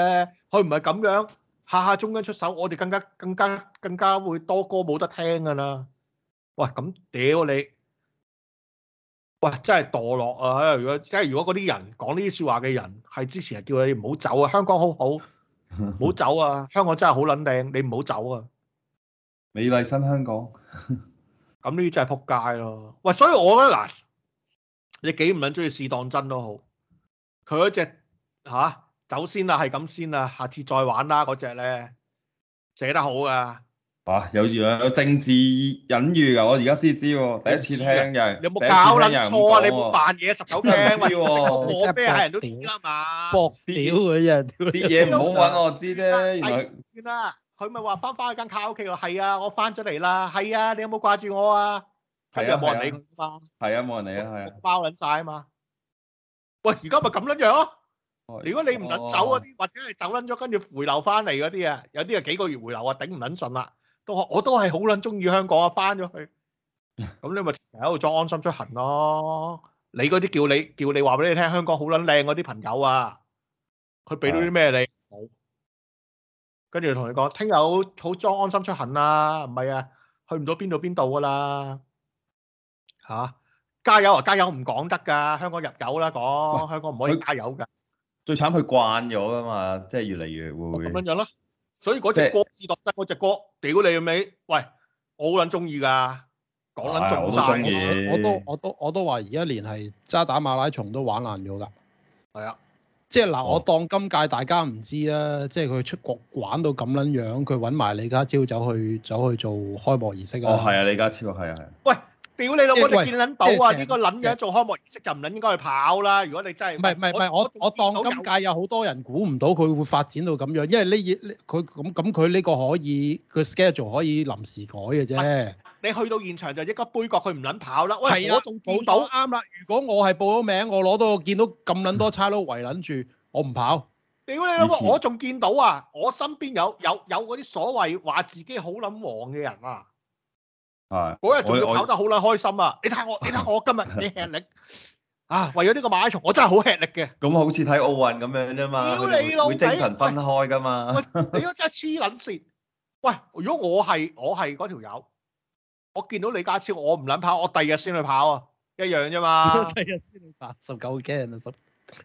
佢唔係咁樣下下中間出手，我哋更加更加更加會多歌冇得聽㗎啦。喂，咁屌你！喂，真係墮落啊！如果即係如果嗰啲人講呢啲説話嘅人，係之前係叫你唔好走啊，香港好好，唔好 走啊，香港真係好撚靚，你唔好走啊！美麗新香港，咁呢啲真係仆街咯！喂，所以我覺得嗱，你幾唔撚中意試當真都好，佢嗰隻吓，走先啦、啊，係咁先啦、啊，下次再玩啦嗰隻咧寫得好啊！哇，有嘢啊！有政治隱喻噶，我而家先知喎，第一次聽嘅。有冇搞撚錯啊？你冇扮嘢，十九 Ken 唔知喎，咩人都知啦嘛，搏屌佢啊，啲嘢唔好揾我知啫。原來先啦，佢咪話翻返去間卡屋企喎。係啊，我翻咗嚟啦。係啊，你有冇掛住我啊？係啊，冇人理。係啊，冇人理啊，係啊。包撚曬啊嘛。喂，而家咪咁撚樣咯？如果你唔捻走嗰啲，或者係走撚咗，跟住回流翻嚟嗰啲啊，有啲啊幾個月回流啊，頂唔捻順啦。我都係好撚中意香港啊，翻咗去，咁你咪喺度裝安心出行咯。你嗰啲叫你叫你話俾你聽，香港好撚靚嗰啲朋友啊，佢俾到啲咩你？跟住同你講，聽日好好裝安心出行啦，唔係啊，去唔到邊度邊度噶啦嚇！加油啊，加油唔講得噶，香港入油啦，講香港唔可以加油噶。最慘佢慣咗噶嘛，即係越嚟越會咁樣咯。所以嗰隻歌試當真，嗰隻實歌屌你咪，喂，我好捻中意噶，講捻盡晒，我都我都我都話而家連係渣打馬拉松都玩爛咗啦，係啊，即係嗱，我當今屆大家唔知啊，即係佢出國玩到咁捻樣，佢搵埋李家超走去走去做開幕儀式啊，哦係啊，李家超係啊係。啊啊喂。屌你老母！喂你哋見撚到啊！呢喂個撚嘢做開幕儀式就唔撚應該去跑啦。如果你真係唔係唔係唔係，是我我當今屆有好多人估唔到佢會發展到咁樣，因為呢嘢佢咁咁佢呢個可以佢 schedule 可以臨時改嘅啫。你去到現場就一個杯葛，佢唔撚跑啦。的喂，我仲見到啱啦。如果我係報咗名，我攞到我見到咁撚多差佬圍撚住，我唔跑。屌、嗯、你老母！的我仲見到啊！我身邊有有有嗰啲所謂話自己好撚黃嘅人啊！啊！嗰日仲要跑得好捻開心啊！你睇我，你睇我今日幾吃力啊！為咗呢個馬拉松，我真係好吃力嘅。咁好似睇奧運咁樣啫嘛，屌你精神分開噶嘛？你真係黐捻線！喂，如果我係我係嗰條友，我見到李家超，我唔捻跑，我第二日先去跑啊，一樣啫嘛。第日先去跑，19 Ken 啊！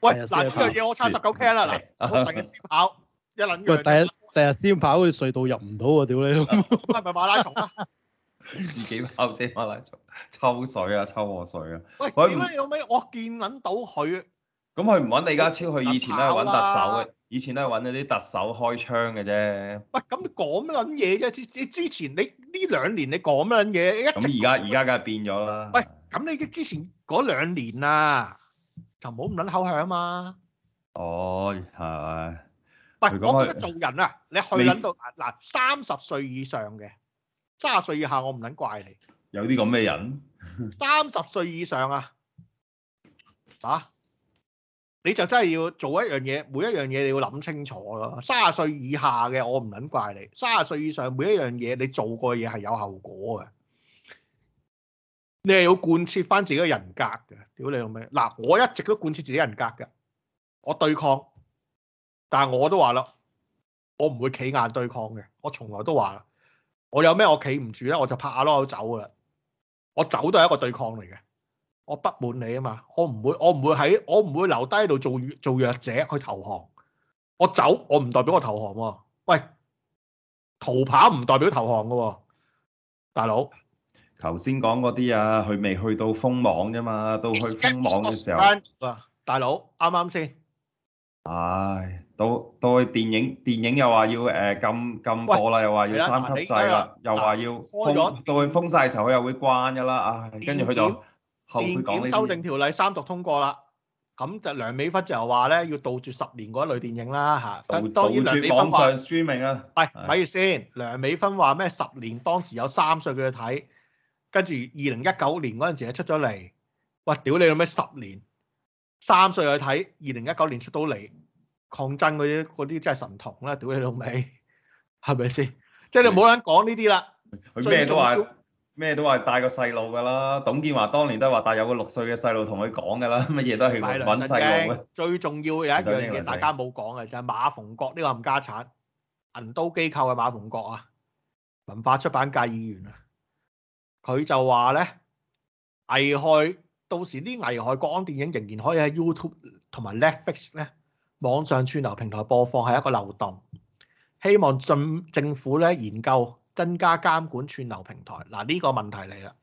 喂，嗱，呢樣嘢我差19 Ken 啦，嗱，我第日先跑一捻嘅。第日，第日先跑，隧道入唔到啊！屌你，唔係馬拉松啊！ 自己包車馬拉松，抽水啊，抽我水啊！喂，點解有咩？我見撚到佢。咁佢唔揾李家超，佢以，以前都係揾特首嘅，以前都係揾嗰啲特首開槍嘅啫。喂，咁講乜撚嘢啫？之前你呢兩年你講乜撚嘢？咁而家而家梗係變咗啦。喂，咁你之前嗰兩年啊，就唔好唔撚口響啊嘛。哦，係。喂，我覺得做人啊，你去撚到嗱三十歲以上嘅。三十歲以下我唔捻怪你，有啲咁嘅人，三十歲以上啊，啊，啊，你就真係要做一樣嘢，每一樣嘢你要諗清楚咯。三十歲以下嘅我唔捻怪你，三十歲以上每一樣嘢你做過嘢係有後果嘅，你係要貫徹翻自己嘅人格嘅。屌你老味，嗱我一直都貫徹自己人格嘅，我對抗，但係我都話啦，我唔會企硬對抗嘅，我從來都話。我有咩我企唔住咧，我就拍下籮柚走噶啦。我走都係一個對抗嚟嘅。我不滿你啊嘛，我唔會我唔會喺我唔會留低度做弱做弱者去投降。我走我唔代表我投降喎、啊。喂，逃跑唔代表投降噶、啊，大佬。頭先講嗰啲啊，佢未去到封網啫嘛，到去封網嘅時候。剛剛啊、時候大佬，啱啱先。唉、哎。到到去電影，電影又話要誒禁禁播啦，又話要三級制啦，又話要封到去封曬時候，佢又會關噶啦啊！跟住佢就電檢修訂條例三讀通過啦。咁就梁美芬就話咧，要杜絕十年嗰一類電影啦嚇。當然梁美芬話，喂，咪住先梁美芬話咩十年當時有三歲佢去睇，跟住二零一九年嗰陣時咧出咗嚟，喂！屌你老味咩十年三歲去睇，二零一九年出到嚟。抗爭嗰啲，啲真係神童啦！屌你老味，係咪先？即係你唔好想講呢啲啦。咩都話，咩都話帶個細路噶啦。董建華當年都係話帶有個六歲嘅細路同佢講噶啦，乜嘢都係揾揾細路。最重要有一樣嘢大家冇講嘅就係馬逢國呢個冚家產銀都機構嘅馬逢國啊，文化出版界議員啊，佢就話咧危害到時啲危害國安電影仍然可以喺 YouTube 同埋 Netflix 咧。網上串流平台播放係一個漏洞，希望政政府咧研究增加監管串流平台。嗱、啊、呢、這個問題嚟啦，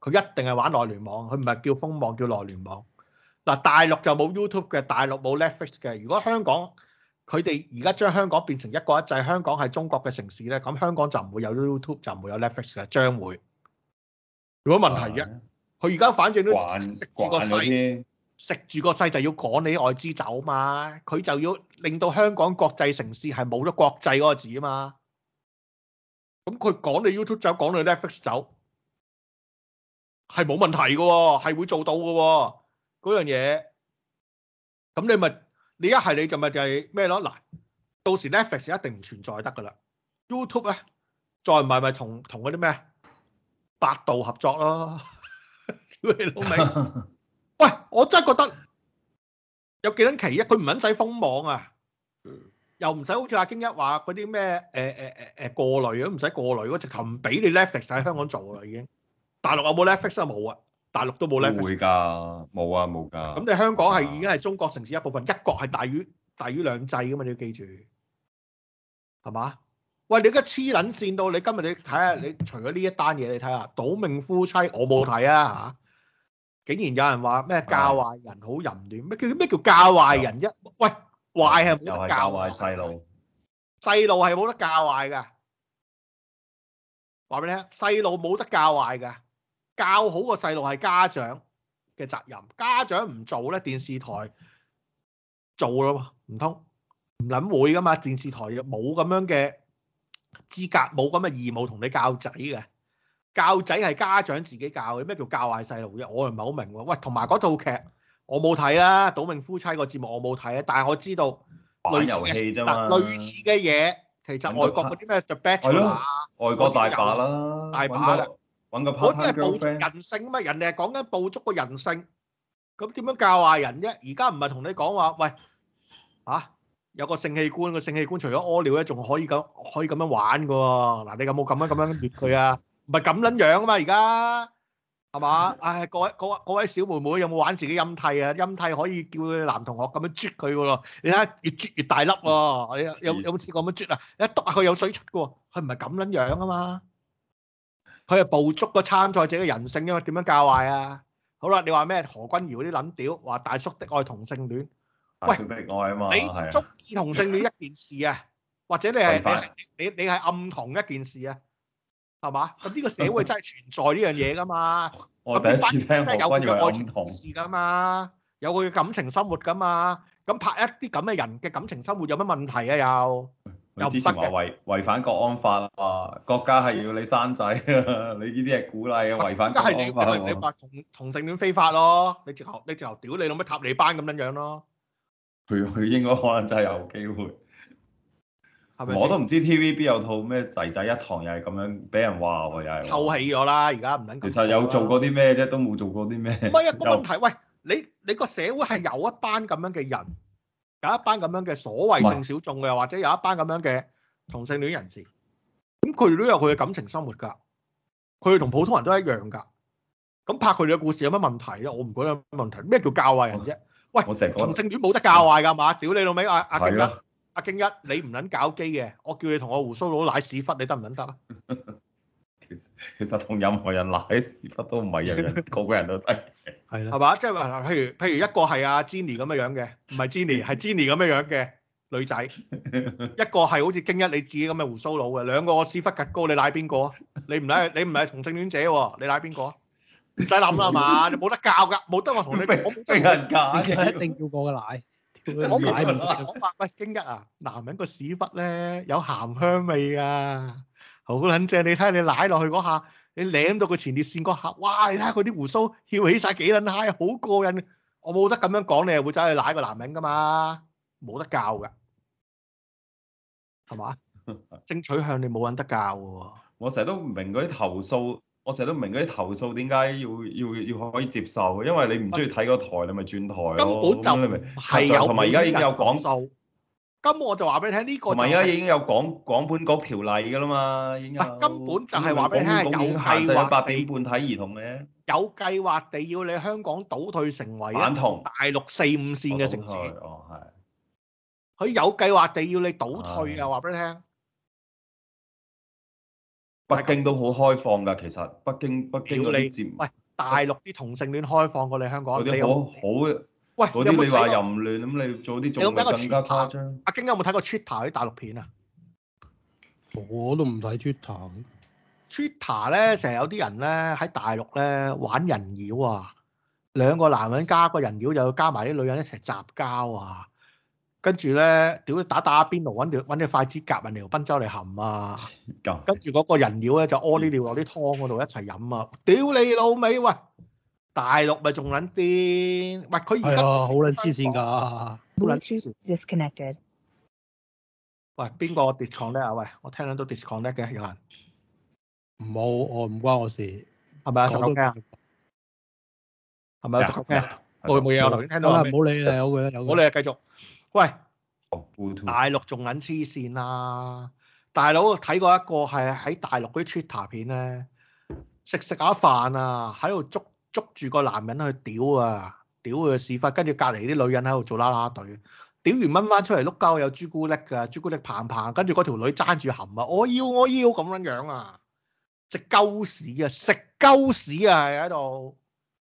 佢一定係玩內聯網，佢唔係叫封網，叫內聯網。嗱，大陸就冇 YouTube 嘅，大陸冇 Netflix 嘅。如果香港佢哋而家將香港變成一國一制，香港係中國嘅城市咧，咁、啊、香港就唔會有 YouTube，就唔會有 Netflix 嘅，將會。如果問題一，佢而家反正都慣慣咗食住個世就要趕你外資走嘛，佢就要令到香港國際城市係冇咗國際嗰個字啊嘛。咁佢趕你 YouTube 走，趕你 Netflix 走，係冇問題嘅、哦，係會做到嘅嗰、哦、樣嘢。咁你咪你一係你就咪就係咩咯？嗱，到時 Netflix 一定唔存在得噶啦。YouTube 咧，再唔係咪同同嗰啲咩百度合作咯？屌 你老味！喂，我真係覺得有幾捻奇，一佢唔肯使封網啊，又唔使好似阿京一話嗰啲咩誒誒誒誒過濾，都唔使過濾，直頭唔俾你 Netflix 喺香港做啦，已經。大陸有冇 Netflix 啊？冇啊，大陸都冇 Netflix。會噶，嗯，冇啊，冇噶。咁你香港係的已經係中國城市一部分，一國係大於大於兩制噶嘛？你要記住，係嘛？喂，你而家黐捻線到你今日，你睇下，你除咗呢一單嘢，你睇下《賭命夫妻》我啊，我冇睇啊吓。竟然有人話咩，教壞人，好淫亂，咩叫咩叫教壞人啫？喂，壞係冇得教壞細路，細路係冇得教壞嘅。話俾你聽，細路冇得教壞嘅，教好個細路係家長嘅責任。家長唔做咧，電視台做咯,唔通唔諗會噶嘛？電視台冇咁樣嘅資格,冇咁嘅義務同你教仔嘅。教仔係家長自己教嘅，咩叫教壞細路啫？我又唔係好明喎。喂，同埋嗰套劇我冇睇啦，《賭命夫妻》個節目我冇睇啊，但係我知道，類似嘅玩遊戲啫，類似嘅嘢，其實外國嗰啲咩 The Battle 啊，外國大把啦，大把啦，搵個 partner，人性啊嘛，人哋係講緊捕捉個人性，咁點樣教壞人啫？而家唔係同你講話喂，吓有個性器官個性器官，除咗屙尿咧，仲可以咁可以咁樣玩噶？嗱，你有冇咁樣咁樣搣佢啊？唔係咁撚樣啊嘛，而家係嘛？唉，各位、各位、各位小妹妹，有冇玩自己陰蒂啊？陰蒂可以叫佢男同學咁樣啜佢喎。你睇下越啜越大粒喎。有有冇試過咁樣啜啊？一篤下佢有水出嘅喎。佢唔係咁撚樣啊嘛。佢係捕捉個參賽者嘅人性啊嘛。點樣教壞啊？好啦，你話咩？何君堯嗰啲撚屌話大叔的愛同性戀，大叔的愛啊嘛。你捉同性戀一件事啊，或者你係你係你你係暗同一件事啊？係嘛？咁呢 個社會真係存在呢樣嘢㗎嘛？我第一次聽，真係有佢嘅愛情故事㗎嘛？有佢嘅感情生活㗎嘛？咁拍一啲咁嘅人嘅感情生活有乜問題啊？又 又唔得嘅。之前話違反國安法啊，國家係要你生仔，啊， 你呢啲係鼓勵嘅，啊，違反國安法你、啊，你話同同性戀非法咯？你直頭，你直頭屌你老乜塔利班咁樣樣咯？佢佢應該可能真係有機會。我都唔知 TVB 有套咩仔仔一堂又係咁樣俾人話喎，又係臭氣咗啦！而家唔準。其實有做過啲咩啫？都冇做過啲咩。唔係呀，個問題，喂，你你個社會係有一班咁樣嘅人，有一班咁樣嘅所謂性小眾嘅，又或者有一班咁樣嘅同性戀人士，咁佢哋都有佢嘅感情生活㗎，佢哋同普通人都一樣㗎。咁拍佢哋嘅故事有乜問題咧？我唔覺得有乜問題。咩叫教壞人啫？喂，我成日講，同性戀冇得教壞㗎嘛？屌你老味啊！係啦。阿京一，你唔撚搞基嘅，我叫你同我鬍鬚佬舐屎忽，你得唔撚得啊？其實同任何人舐屎忽都唔係人人個個人都得，係啦，係嘛？即係話，譬如譬如一個係阿 Jenny 咁嘅樣嘅，唔係 Jenny，係 Jenny 咁嘅樣嘅女仔，一個係好似京一你自己咁嘅鬍鬚佬嘅，兩個屎忽趌高，你舐邊個啊？你唔舐，你唔係同性戀者喎，你舐邊個啊？唔使諗啦嘛，你冇得教噶，冇得我同你講，冇得人教，一定要過個舐。我唔係唔識講法，喂，京一啊，男人個屎忽咧有鹹香味噶，好撚正！你睇下你舐落去嗰下，你舐到個前列腺嗰下，哇！你睇下佢啲鬍鬚翹起曬幾撚嗨，好過癮！我冇得咁樣講，你又會走去舐個男人噶嘛？冇得教嘅，係嘛？爭取向你冇撚得教嘅喎。我成日都唔明嗰啲投訴。我成日都唔明嗰啲投訴點解要要要可以接受？因為你唔中意睇個台，你咪轉台。根本就係有同埋而家已經有講訴。根本我就話俾你聽，呢、呢個唔係而家已經有講廣管局條例㗎啦嘛。已經根本就係話俾你聽，有，有計劃八點半睇兒童嘅。有計劃地要你香港倒退成為大陸四五線嘅城市。哦，係。佢有計劃地要你倒退啊！話俾的你聽。北京都好開放㗎，其實北京北京嗰啲接，喂大陸啲同性戀開放過你香港，嗰啲好好，喂嗰啲你話淫亂，咁喂你做啲做咩更加貪？阿京有冇睇過 Twitter 啲大陸片啊？我都唔睇 Twitter。Twitter 咧成日有啲人咧喺大陸咧玩人妖啊，兩個男人加個人妖，又要加埋啲女人一齊雜交啊！跟住咧，屌打打邊爐，揾條揾啲筷子夾埋條檳州嚟含啊！跟住嗰個人妖咧就屙啲尿落啲湯嗰度一齊飲啊！屌你老味喂！大陸咪仲撚癲？喂，佢而家好撚黐線㗎！好撚黐線。Disconnected。喂，邊個 disconnect 啊？喂，我聽得到 disconnect 嘅有人。冇，我唔關我事。係咪啊？十六 K 啊？係咪啊？十六 K 冇冇嘢，我頭先聽到啦。唔好理啊！有個有個，唔好理啊！繼續。喂，嗯、大陸仲撚黐線啦！大佬睇過一個係喺大陸嗰啲 Twitter 片咧，食食下飯啊，喺度捉捉住個男人去屌啊，屌佢屎忽，跟住隔籬啲女人喺度做啦啦隊，屌完掹返出嚟碌鳩有朱古力㗎，朱古力棒棒，跟住嗰條女爭住含啊，我、哦、要我、哦、要咁樣樣啊，食鳩屎啊，食鳩屎啊，喺度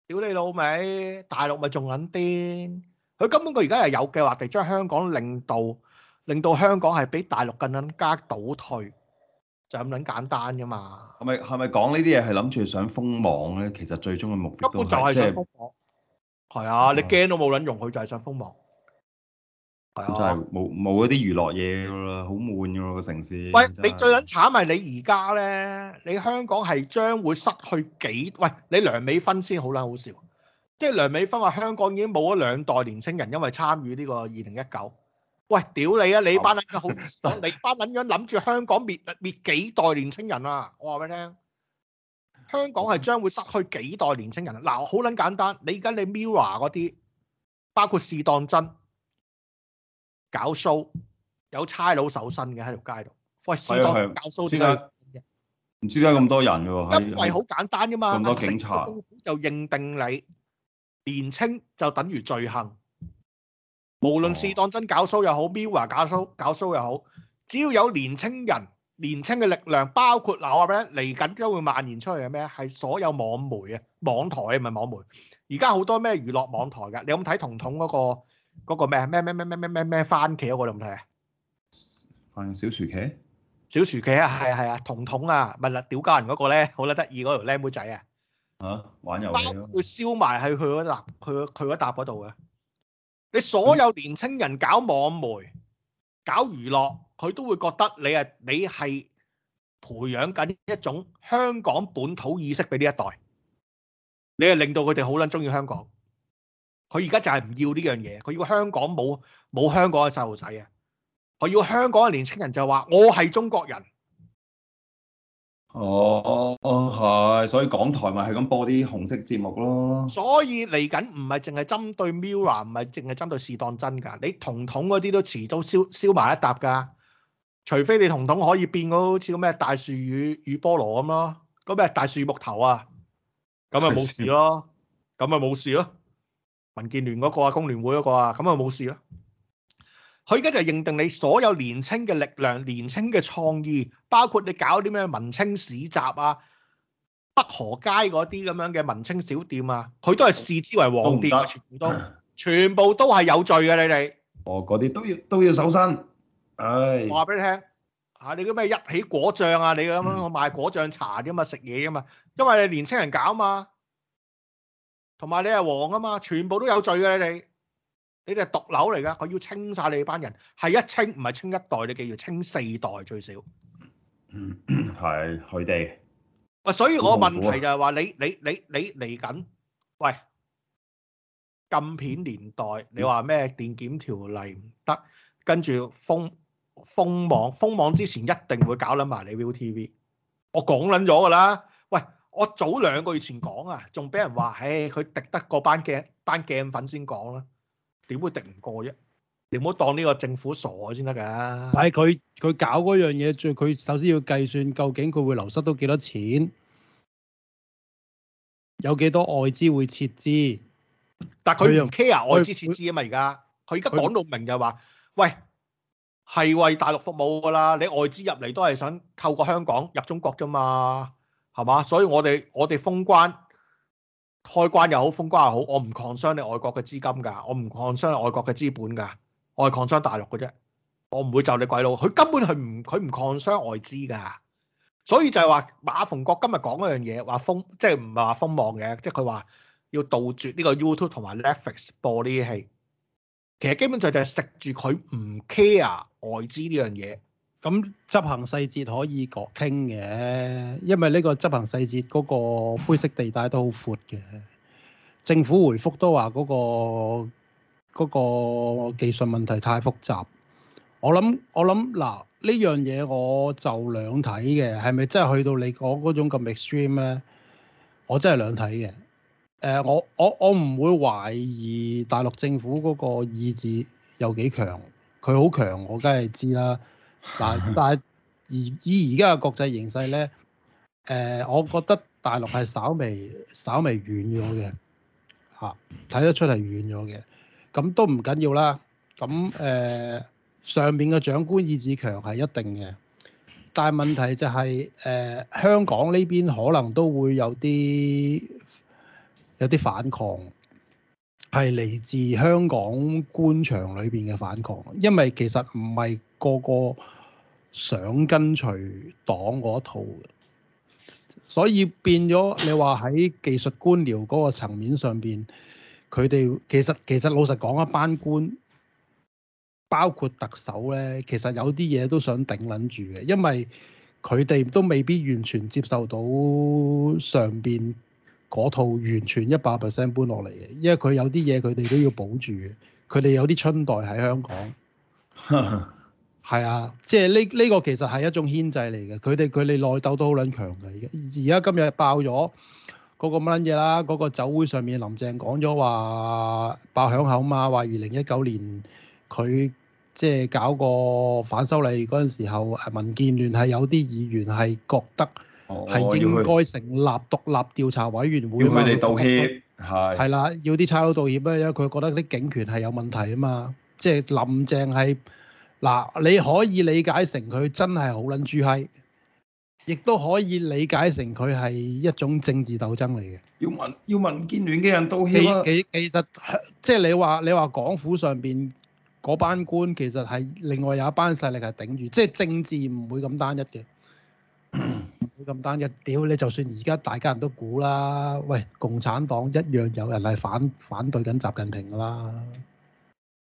屌你老味！大陸咪仲撚癲？佢根本佢而家係有計劃地將香港令到令到香港係比大陸更加倒退，就咁撚簡單啫嘛。係咪係咪講呢啲嘢係諗住想封網咧？其實最終嘅目標根本就係想封網。係、就係、啊，你驚都冇撚用，佢就係想封網。就係冇冇嗰啲娛樂嘢㗎啦，好悶㗎啦個城市。喂，你最撚慘咪你而家咧？你香港係將會失去幾？喂，你梁美芬先好撚好笑。即係梁美芬話：香港已經冇咗兩代年青人，因為參與呢個二零一九。喂，屌你啊！你班撚樣好，你班撚樣諗住香港滅滅幾代年青人啊！我話俾你聽，香港係將會失去幾代年青人。嗱，好撚簡單，你而家你 MIRROR 嗰啲，包括試當真搞 show，有差佬守身嘅喺條街度，係試當搞 show 啲人。唔知點解咁多人㗎喎？因為好簡單㗎嘛，咁多警察政府就認定你。年青就等於罪行，無論試當真搞騷又好，Mirror 搞騷搞騷又好，只要有年青人，年青嘅力量，包括嗱我咩咧嚟緊都會蔓延出去嘅咩？係所有網媒啊，網台啊，唔係網媒。而家好多咩娛樂網台㗎，你有冇睇彤彤嗰個嗰個咩咩咩咩咩咩咩咩番茄嗰個有冇睇啊？番茄小薯茄，小薯茄啊，係啊係啊，彤彤啊，咪啦屌家人嗰個咧，好啦得意嗰條靚妹仔啊！啊！玩遊戲，包括燒埋喺佢嗰答，佢佢嗰答嗰度嘅。你所有年青人搞網媒、搞娛樂，佢都會覺得你啊，你係培養緊一種香港本土意識俾呢一代。你係令到佢哋好捻中意香港。佢而家就係唔要呢樣嘢，佢要香港冇冇香港嘅細路仔啊！佢要香港嘅年青人就話我係中國人。哦哦哦，係、哦，所以港台咪係咁播啲紅色節目咯。所以嚟緊唔係淨係針對 MIRROR，唔係淨係針對試當真㗎。你童童嗰啲都遲早燒燒埋一疊㗎，除非你童童可以變到好似個咩大樹雨雨菠蘿咁咯，嗰咩大樹木頭啊，咁咪冇事咯，咁咪冇事咯。民建聯嗰個啊，工聯會嗰個啊，咁咪冇事咯。佢而家就認定你所有年青嘅力量、年青嘅創意，包括你搞啲咩文青市集啊、北河街嗰啲咁樣嘅文青小店啊，佢都係視之為黃店啊。全部都全部都係有罪嘅，你哋。哦，嗰啲都要都要守身。唉、哎，話俾你聽嚇，你嗰咩一起果醬啊，你咁樣我賣果醬茶噶、啊、嘛，食嘢噶嘛，因為你年青人搞啊嘛，同埋你係黃啊嘛，全部都有罪嘅，你哋。你哋係毒瘤嚟噶，我要清晒你班人，係一清唔係清一代，你記住清四代最少，係佢哋。喂，所以我問題就係話你你你你嚟緊，喂，禁片年代，你話咩電檢條例唔得，跟住封封網，封網之前，一定會搞捻埋你 ViuTV。我講捻咗噶啦，喂，我早兩個月前講啊，仲俾人話，唉，佢敵得過班鏡班鏡粉先講啦。點會敵唔過啫？你唔好當呢個政府傻先得㗎。係佢佢搞嗰樣嘢，最佢首先要計算究竟佢會流失到幾多錢，有幾多外資會撤資。但係佢唔 care 外資撤資啊嘛！而家佢而家講到明就話：「喂，係為大陸服務㗎啦！你外資入嚟都係想透過香港入中國啫嘛，係嘛？所以我哋我哋封關。開關又好，封關又好，我唔擴張你外國嘅資金噶，我唔擴張外國嘅資本噶，我係擴張大陸嘅啫，我唔會就你鬼佬，佢根本係唔佢唔擴張外資噶，所以就係話馬逢國今日講嗰樣嘢，話封即係唔係話封網嘅，即係佢話要杜絕呢個 YouTube 同埋 Netflix 播呢啲戲，其實基本上就係食住佢唔 care 外資呢樣嘢。咁、嗯、執行細節可以各傾嘅，因為呢個執行細節嗰個灰色地帶都好闊嘅。政府回覆都話嗰、嗰個嗰個技術問題太複雜。我諗我諗嗱呢樣嘢我就兩睇嘅，係咪真係去到你講嗰種咁 extreme 呢？我真係兩睇嘅。誒、呃，我我我唔會懷疑大陸政府嗰個意志有幾強，佢好強，我梗係知啦。但係而以而家嘅國際形勢咧，誒、呃，我覺得大陸係稍微稍微軟咗嘅，嚇、啊、睇得出係軟咗嘅，咁都唔緊要啦。咁誒、呃，上面嘅長官意志強係一定嘅，但係問題就係、是、誒、呃、香港呢邊可能都會有啲有啲反抗，係嚟自香港官場裏邊嘅反抗，因為其實唔係。個個想跟隨黨嗰套，所以變咗你話喺技術官僚嗰個層面上邊，佢哋其實其實老實講，一班官包括特首呢，其實有啲嘢都想頂撚住嘅，因為佢哋都未必完全接受到上邊嗰套完全一百 percent 搬落嚟嘅，因為佢有啲嘢佢哋都要保住嘅，佢哋有啲春代喺香港。 係啊，即係呢呢個其實係一種牽制嚟嘅。佢哋佢哋內鬥都好撚強嘅。而而家今日爆咗嗰個乜撚嘢啦？嗰、嗰個酒會上面林鄭講咗話爆響口嘛，話二零一九年佢即係搞個反修例嗰陣時候，民建聯係有啲議員係覺得係應該成立獨立調查委員會，哦哦，要佢哋道歉係係啦，要啲差佬道歉啦，因為佢覺得啲警權係有問題啊嘛。即係林鄭係。嗱，你可以理解成佢真係好撚豬閪，亦都可以理解成佢係一種政治鬥爭嚟嘅。要民要民建聯嘅人道歉啊，其其其實即係你話你話港府上邊嗰班官其實係另外有一班勢力係頂住，即係政治唔會咁單一嘅，唔 會咁單一。屌你就算而家大家人都估啦，喂，共產黨一樣有人係反反對緊習近平㗎啦。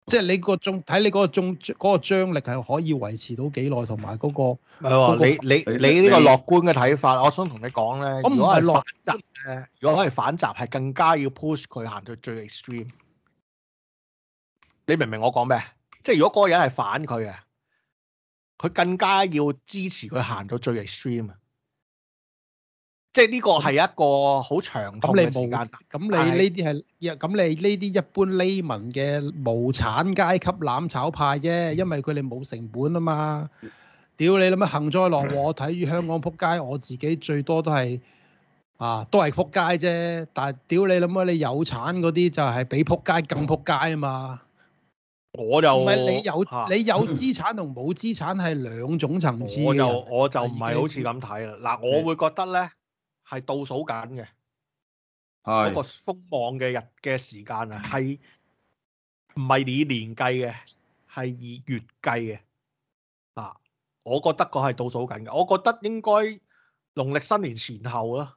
即係你個中睇你嗰個中嗰、嗰個張力係可以維持到幾耐，同埋嗰個。係不、嗰個、你你你呢個樂觀嘅睇法，你我想同你講咧。如果係反集咧，如果係反集，係更加要 push 佢行到最 extreme。你明唔明我講咩？即係如果嗰個人係反佢嘅，佢更加要支持佢行到最 extreme。即係呢個係一個好長嘅時間，咁、嗯、你呢啲係一咁你呢啲一般黎民嘅無產階級攬炒派啫，因為佢哋冇成本啊嘛。 屌你諗下，幸災樂禍，我睇住香港撲街，我自己最多都係啊，都係撲街啫。但係屌你諗下，你有產嗰啲就係比撲街更撲街啊嘛。我就唔係，你有哈你有資產同冇資產係兩種層次我。我就我就唔係好似咁睇啦。嗱、啊，我會覺得咧。係倒數緊嘅，嗰個封網嘅日嘅時間啊，係唔係以年計嘅？係以月計嘅。啊，我覺得個係倒數緊嘅，我覺得應該農曆新年前後咯，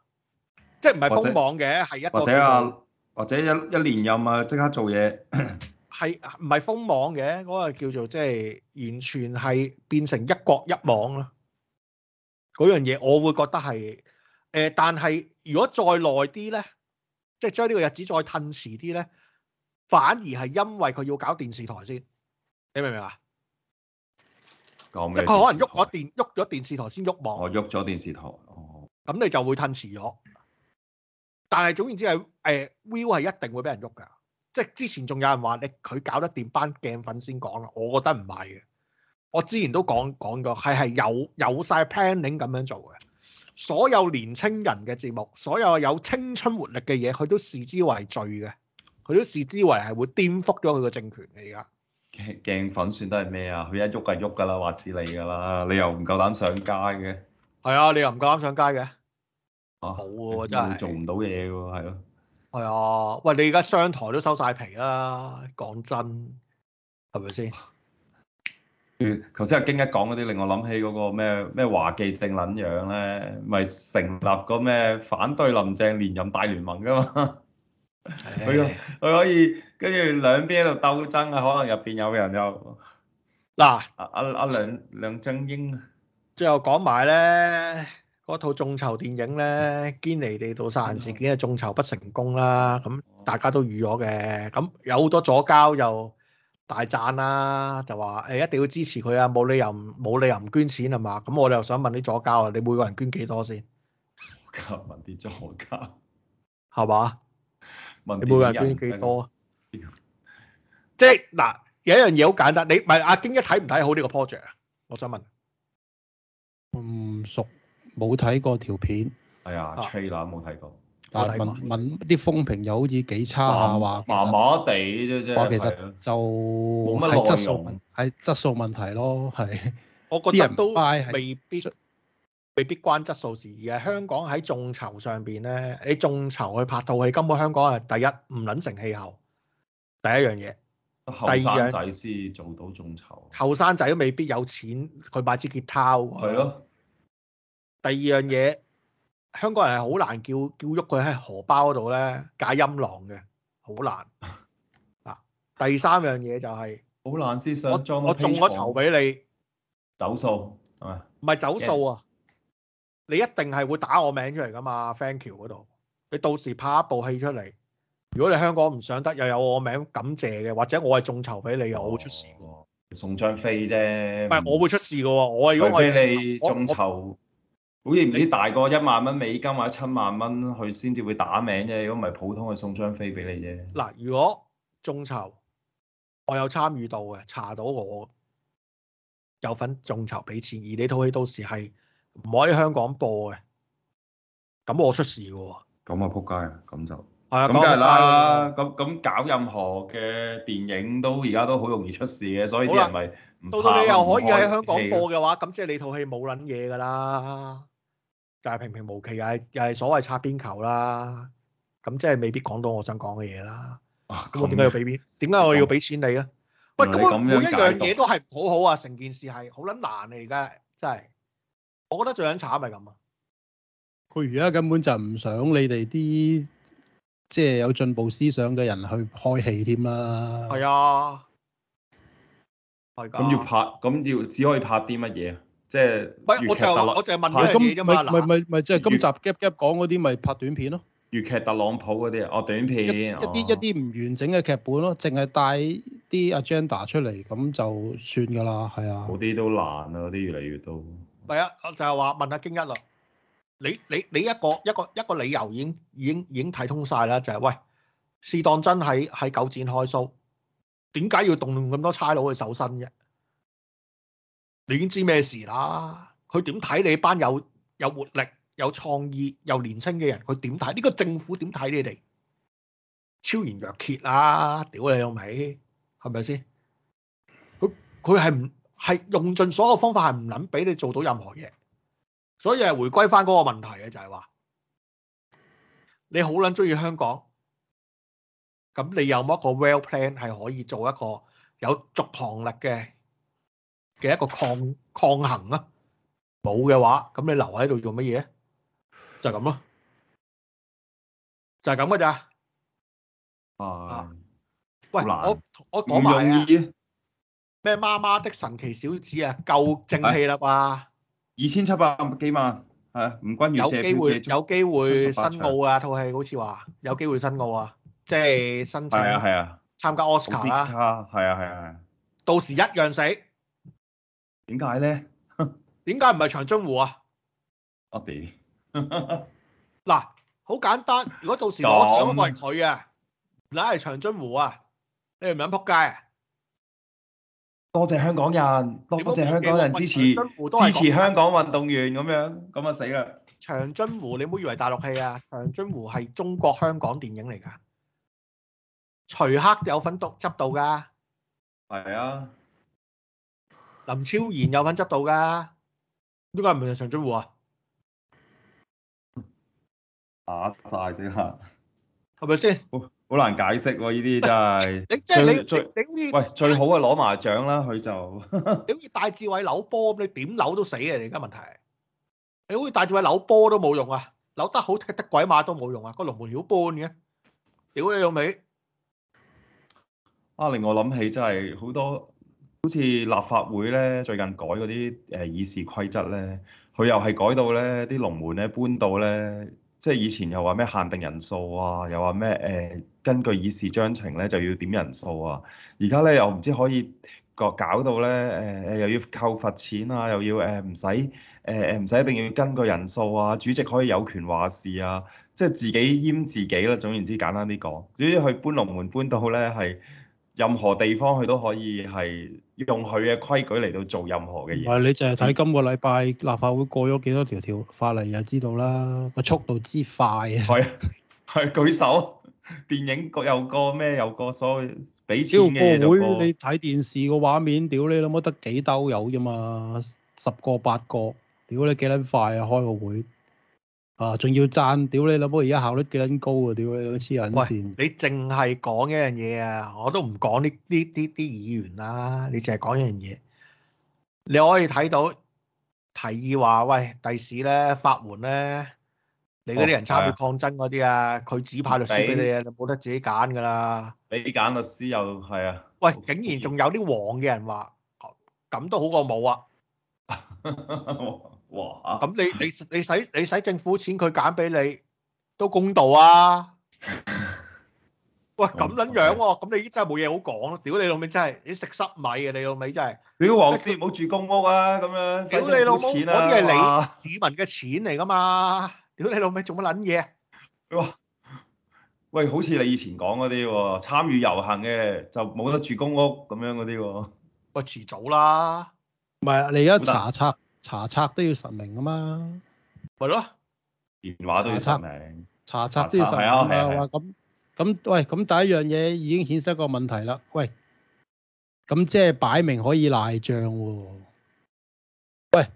即係唔係封網嘅，係一個或者啊，或者一一年任啊即刻做嘢，係唔係封網嘅？嗰個叫做即係完全係變成一國一網咯。嗰樣嘢我會覺得係。誒，但係如果再耐啲咧，即係將呢個日子再褪遲啲咧，反而係因為佢要搞電視台先，你明唔明啊？講咩。即係佢可能喐咗電，喐咗電視台先喐網。哦，喐咗電視台，哦，咁你就會褪遲咗。但係總然之係，誒、呃，Viu 係一定會俾人喐㗎。即係之前仲有人話，你佢搞得掂班鏡粉先講啦。我覺得唔係嘅。我之前都講講過，係係有有晒 planning 咁樣做嘅。所有年青人嘅節目，所有有青春活力嘅嘢，佢都視之為罪嘅，佢都視之為係會顛覆咗佢嘅政權嘅而家。鏡粉算得係咩啊？佢一喐就喐噶啦，話之你噶啦，你又唔夠膽上街嘅。係啊，你又唔夠膽上街嘅。哦、啊，冇喎、啊，真係做唔到嘢嘅喎，係咯、啊。係啊，喂，你而家商台都收晒皮啦，講真，係咪先？頭先阿京一講嗰啲，令我諗起嗰個咩咩華記正撚樣咧，咪成立個咩反對林鄭連任大聯盟噶嘛？佢佢可以跟住兩邊喺度鬥爭啊，可能入邊有人又嗱阿阿梁梁振英啊，最後講埋咧嗰套眾籌電影咧，堅尼地道殺人事件係眾籌不成功啦，咁大家都預咗嘅，咁有好多左膠又。大讚啦、啊，就話誒、欸、一定要支持佢啊，冇理由冇理由唔捐錢係嘛？咁我哋又想問啲左膠啊，你每個人捐幾多先？ 問啲左膠係嘛？ 吧問你每個人捐幾多？ 即係嗱，有一樣嘢好簡單，你唔係阿京一睇唔睇好呢個 project 啊？我想問。唔、嗯、熟，冇睇過條片。哎呦啊，黐線，冇睇過。但係問啲風評又好似幾差下，話麻麻地啫，即其實就冇乜內容，係質，質素問題咯，係。我覺得都未必 未必關質素事，而係香港喺眾籌上邊咧，你眾籌去拍套戲，根本香港係第一唔撚成氣候，第一樣嘢。後生仔先做到眾籌。後生仔都未必有錢去買支吉他。係咯，哦。啊、第二樣嘢。香港人係好難叫叫喐佢喺荷包嗰度咧解音浪嘅，好難。嗱，第三樣嘢就係好難思想裝到。我我眾咗籌俾你，走數係咪？唔係走數啊！你一定係會打我名出嚟㗎嘛，Thank you 嗰度。你到時拍一部戲出嚟，如果你香港唔上得，又有我名感謝嘅，或者我係眾籌俾你，我會出事喎。送張飛啫。唔係我會出事嘅喎，我係因為除非你眾籌。你好似唔知大過一萬蚊美金或者七萬蚊，佢先至會打名啫。如果唔係普通，佢送張飛俾你啫。嗱，如果眾籌，我有參與到嘅，查到我有份眾籌俾錢，而你套戲到時係唔可以喺香港播嘅，咁我出事嘅喎。咁啊撲街啊，咁就係啊，梗係啦。咁咁搞任何嘅電影都而家都好容易出事嘅，所以啲人咪到到你又可以喺香港播嘅話，咁的即係你套戲冇捻嘢噶啦。就係平平無奇，又係又係所謂擦邊球啦，咁即係未必講到我想講嘅嘢啦。咁、啊、我點解要俾邊？點解、啊、我要俾錢你咧？你喂，咁樣每一樣嘢都係好好啊，成件事係好撚難嚟嘅，真係。我覺得最撚慘係咁啊！佢而家根本就唔想你哋啲即係有進步思想嘅人去開戲添啦。係啊，係㗎。咁要拍，咁要只可以拍啲乜嘢啊？即係，唔係我就我就問，咪咪咪咪即係今集 gap gap 講嗰啲咪拍短片咯？粵劇特朗普嗰啲啊，哦短片，一啲一啲唔完整嘅劇本咯，淨係帶啲 agenda 出嚟咁就算㗎啦，係啊。嗰啲都難啊，嗰啲越嚟越多。第一，就係話問阿京一啦，你你你一個一個一個理由已經已經已經睇通曬啦，就係喂，試當真喺喺九展開騷，點解要動用咁多差佬去守身嘅？你已經知咩事啦？佢點睇你班有有活力，有創意，又年輕嘅人？佢點睇？呢、這個政府點睇你哋？昭然若揭啦，啊，屌你老味，係咪先？佢佢係唔係用盡所有方法，係唔諗俾你做到任何嘢？所以係回歸返嗰個問題嘅，就是，就係話你好撚鍾意香港，咁你有冇一個 well plan 係可以做一個有續航力嘅？嘅一個抗抗衡啊，冇嘅話，咁你留喺度做乜嘢？就係咁咯，就係咁嘅咋？啊，喂，我我講埋啊，咩媽媽的神奇小子啊，夠正氣啦啩？二千七百幾萬，係啊，吳君如，有機會有機會申奧啊！套戲好似話有機會申奧啊，即係申請。係啊係啊，參加奧斯卡。奧斯卡係啊係啊係啊，到時一樣死。點解咧？點解唔係長津湖啊？阿嗱， 好簡單，如果到時攞獎嗰人佢啊，乃係長津湖啊！你係咪人扑街啊？多謝香港人，多謝香港人支持，支持香港運動員咁樣，咁啊死啦！長津湖你唔好以為大陸戲啊，長津湖係中國香港電影嚟噶，徐克有份督執到噶，係啊。林超然有份執到噶，呢個係咪常俊湖啊？打曬先，係咪先？好難解釋喎，呢啲真係。你即係你最，你好似喂最好係攞麻雀啦，佢就你好似戴志偉扭波咁，你點扭都死嘅。你而家問題，你好似戴志偉扭波都冇用啊，扭得好踢得鬼馬都冇用啊，個龍門曉搬嘅，屌你老味！啊，令我諗起真係好多。好似立法會咧，最近改嗰啲誒議事規則咧，佢又係改到咧啲龍門咧搬到咧，即係以前又話咩限定人數啊，又話咩誒根據議事章程咧就要點人數啊，而家咧又唔知可以個搞到咧誒誒又要扣罰錢啊，又要誒唔使誒誒唔使一定要根據人數啊，主席可以有權話事啊，即係自己閹自己啦。總言之，簡單啲講，至於佢搬龍門搬到咧係。任何地方佢都可以係用佢嘅規矩嚟到做任何嘅嘢。係你淨係睇今個禮拜立法會過咗幾多條條法例就知道啦。個速度之快啊！ 係係舉手，電影各有個咩有個所謂俾錢嘅。你睇電視個畫面，屌你諗乜得幾兜油啫嘛？十個八個，屌你幾撚快啊？開個會。啊！仲要讚？屌你諗唔好，而家效率幾撚高啊！屌你黐撚線。喂，你淨係講一樣嘢啊！我都唔講呢呢啲啲議員啦，你淨係講一樣嘢。你可以睇到提議話，喂，第時咧法援咧，你嗰啲人參與抗爭嗰啲啊，佢指派律師俾你啊，你冇得自己揀噶啦。你揀律師又係啊？喂，竟然仲有啲黃嘅人話，咁都好過冇啊！哇！咁你你你使你使政府錢佢揀俾你都公道啊？喂，咁捻樣喎？咁你真係冇嘢好講咯！屌你老味真係，你食濕米啊！你老味真係，屌黃絲唔好住公屋啊！咁樣，屌你老母，嗰啲係你市民嘅錢嚟噶嘛？屌你老味做乜捻嘢啊？哇！喂，好似你以前講嗰啲喎，參與遊行嘅就冇得住公屋咁樣嗰啲喎。喂，遲早啦，唔係啊，你而家查冊。查冊都要實名㗎嘛，係咯，電話都要實名。查冊都要實名啊！係啊，咁咁，喂，咁第一樣嘢已經顯示一個問題啦。喂，咁即係擺明可以賴賬喎，啊。喂，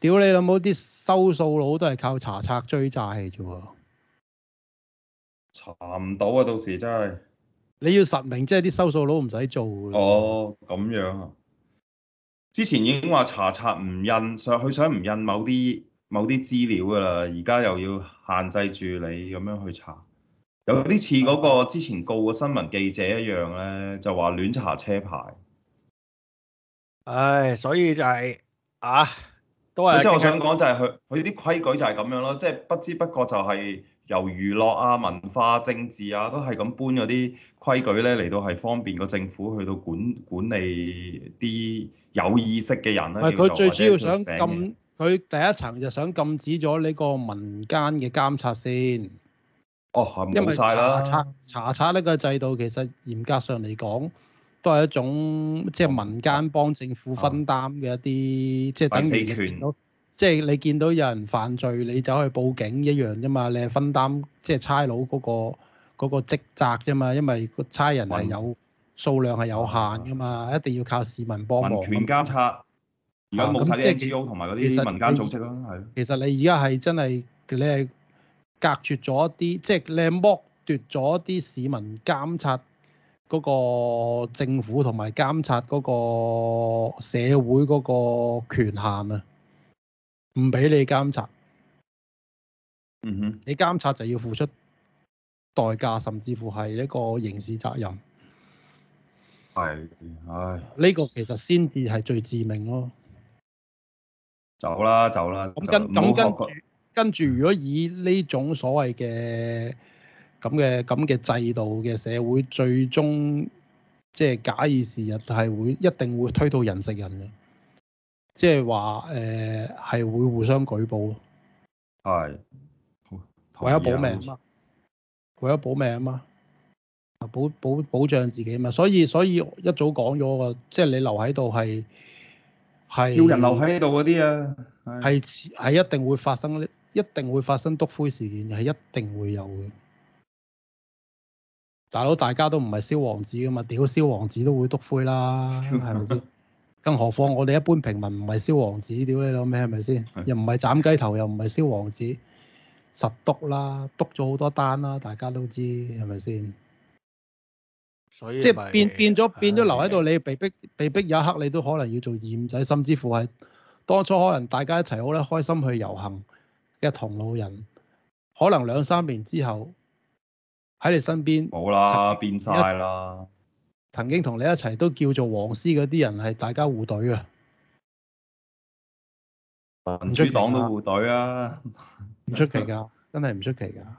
屌你老母啲收數佬都係靠查冊追債嚟啫喎。查唔到啊！到時真係你要實名，即係啲收數佬唔使做。哦，咁樣啊！之前已經話查查唔印，上去想佢想唔印某啲某啲資料噶啦，而家又要限制住你咁樣去查，有啲似嗰個之前告個新聞記者一樣咧，就話亂查車牌。唉，所以就係啊，都係。即係我想講就係佢佢啲規矩就係咁樣咯，即係不知不覺就係。由娛樂啊、文化、啊、政治啊，都係咁搬嗰啲規矩咧，嚟到係方便個政府去到管管理啲有意識嘅人咧、啊。唔係佢最主要想禁，佢第一層就想禁止咗呢個民間嘅監察先。哦，因為查察查呢個制度其實嚴格上嚟講，都係一種即係、就是、民間幫政府分擔嘅一啲，即係、哦、等地權。即係你見到有人犯罪，你走去報警一樣啫嘛，你係分擔即係差佬嗰個嗰個職責啫嘛，因為個差人係有數量係有限噶嘛，一定要靠市民幫忙。民權監察，而家冇曬啲 NGO 同埋嗰啲民間組織啦，係。其實你而家係真係你係隔絕咗一啲，即係你係剝奪咗啲市民監察嗰個政府同埋監察嗰個社會嗰個權限啊！唔俾你監察，嗯哼，你監察就要付出代價，甚至乎係一個刑事責任。係，唉，呢個其實先至係最致命咯。走啦，走啦，咁跟，咁跟住。如果以呢種所謂嘅咁嘅咁嘅制度嘅社會，最終即係、就是、假以時日，係會一定會推到人食人嘅。即係話誒，係、呃、會互相舉報咯。係、哎，啊、為咗保命啊嘛，為咗保命啊嘛，保保保障自己啊嘛。所以所以一早講咗個，即係你留喺度係係叫人留喺呢度嗰啲啊，係係一定會發生，一定會發生篤灰事件，係一定會有嘅。大佬，大家都唔係燒黃紙㗎嘛？屌燒黃紙都會篤灰啦，係咪先？ 更何況我哋一般平民唔係燒黃紙，屌你老咩，係咪先？又唔係斬雞頭，又唔係燒黃紙，實篤啦，篤咗好多單啦，大家都知，係咪先？是是所以即係變變咗，變咗留喺度，你被逼被逼有一刻，你都可能要做醜仔，甚至乎係當初可能大家一齊好咧，開心去遊行嘅同路人，可能兩三年之後喺你身邊冇啦，了一變晒。啦～曾經同你一齊都叫做黃絲嗰啲人係大家互懟啊，民主黨都互懟啊，唔出 奇噶，真係唔出奇噶。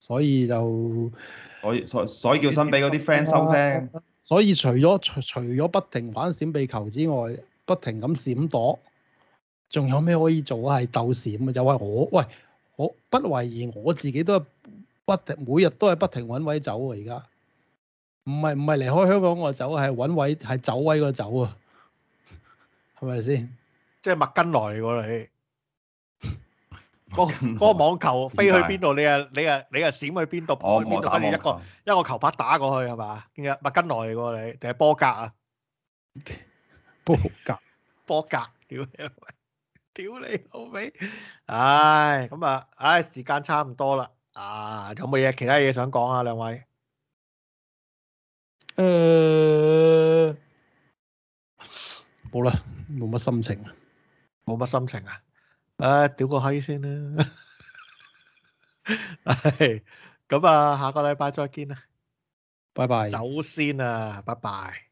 所以就所以所所以叫新避嗰啲 friend 收聲。所以除咗除除咗不停玩閃避球之外，不停咁閃躲，仲有咩可以做係鬥閃啊？就係、是、我喂，我不懷疑，我自己都不停每日都係不停揾位走啊！而家。唔係唔係離開香港個走，係揾位係走位個走啊，係咪先？即係麥根來個你，嗰嗰個網球飛去邊度？你啊你啊你啊閃去邊度？跑去邊度？跟住一個一個球拍打過去係嘛？點解麥根來個你？定係波格啊？波格波格屌你老味！屌你老味！唉，咁啊，唉，時間差唔多啦。啊，有冇嘢其他嘢想講啊？兩位？誒、好啦，uh，冇乜心情冇乜心情啊，誒、哎，屌個閪先啦，咁、 哎、啊，下個禮拜再見啦，拜拜 bye，走先啦，啊，拜拜。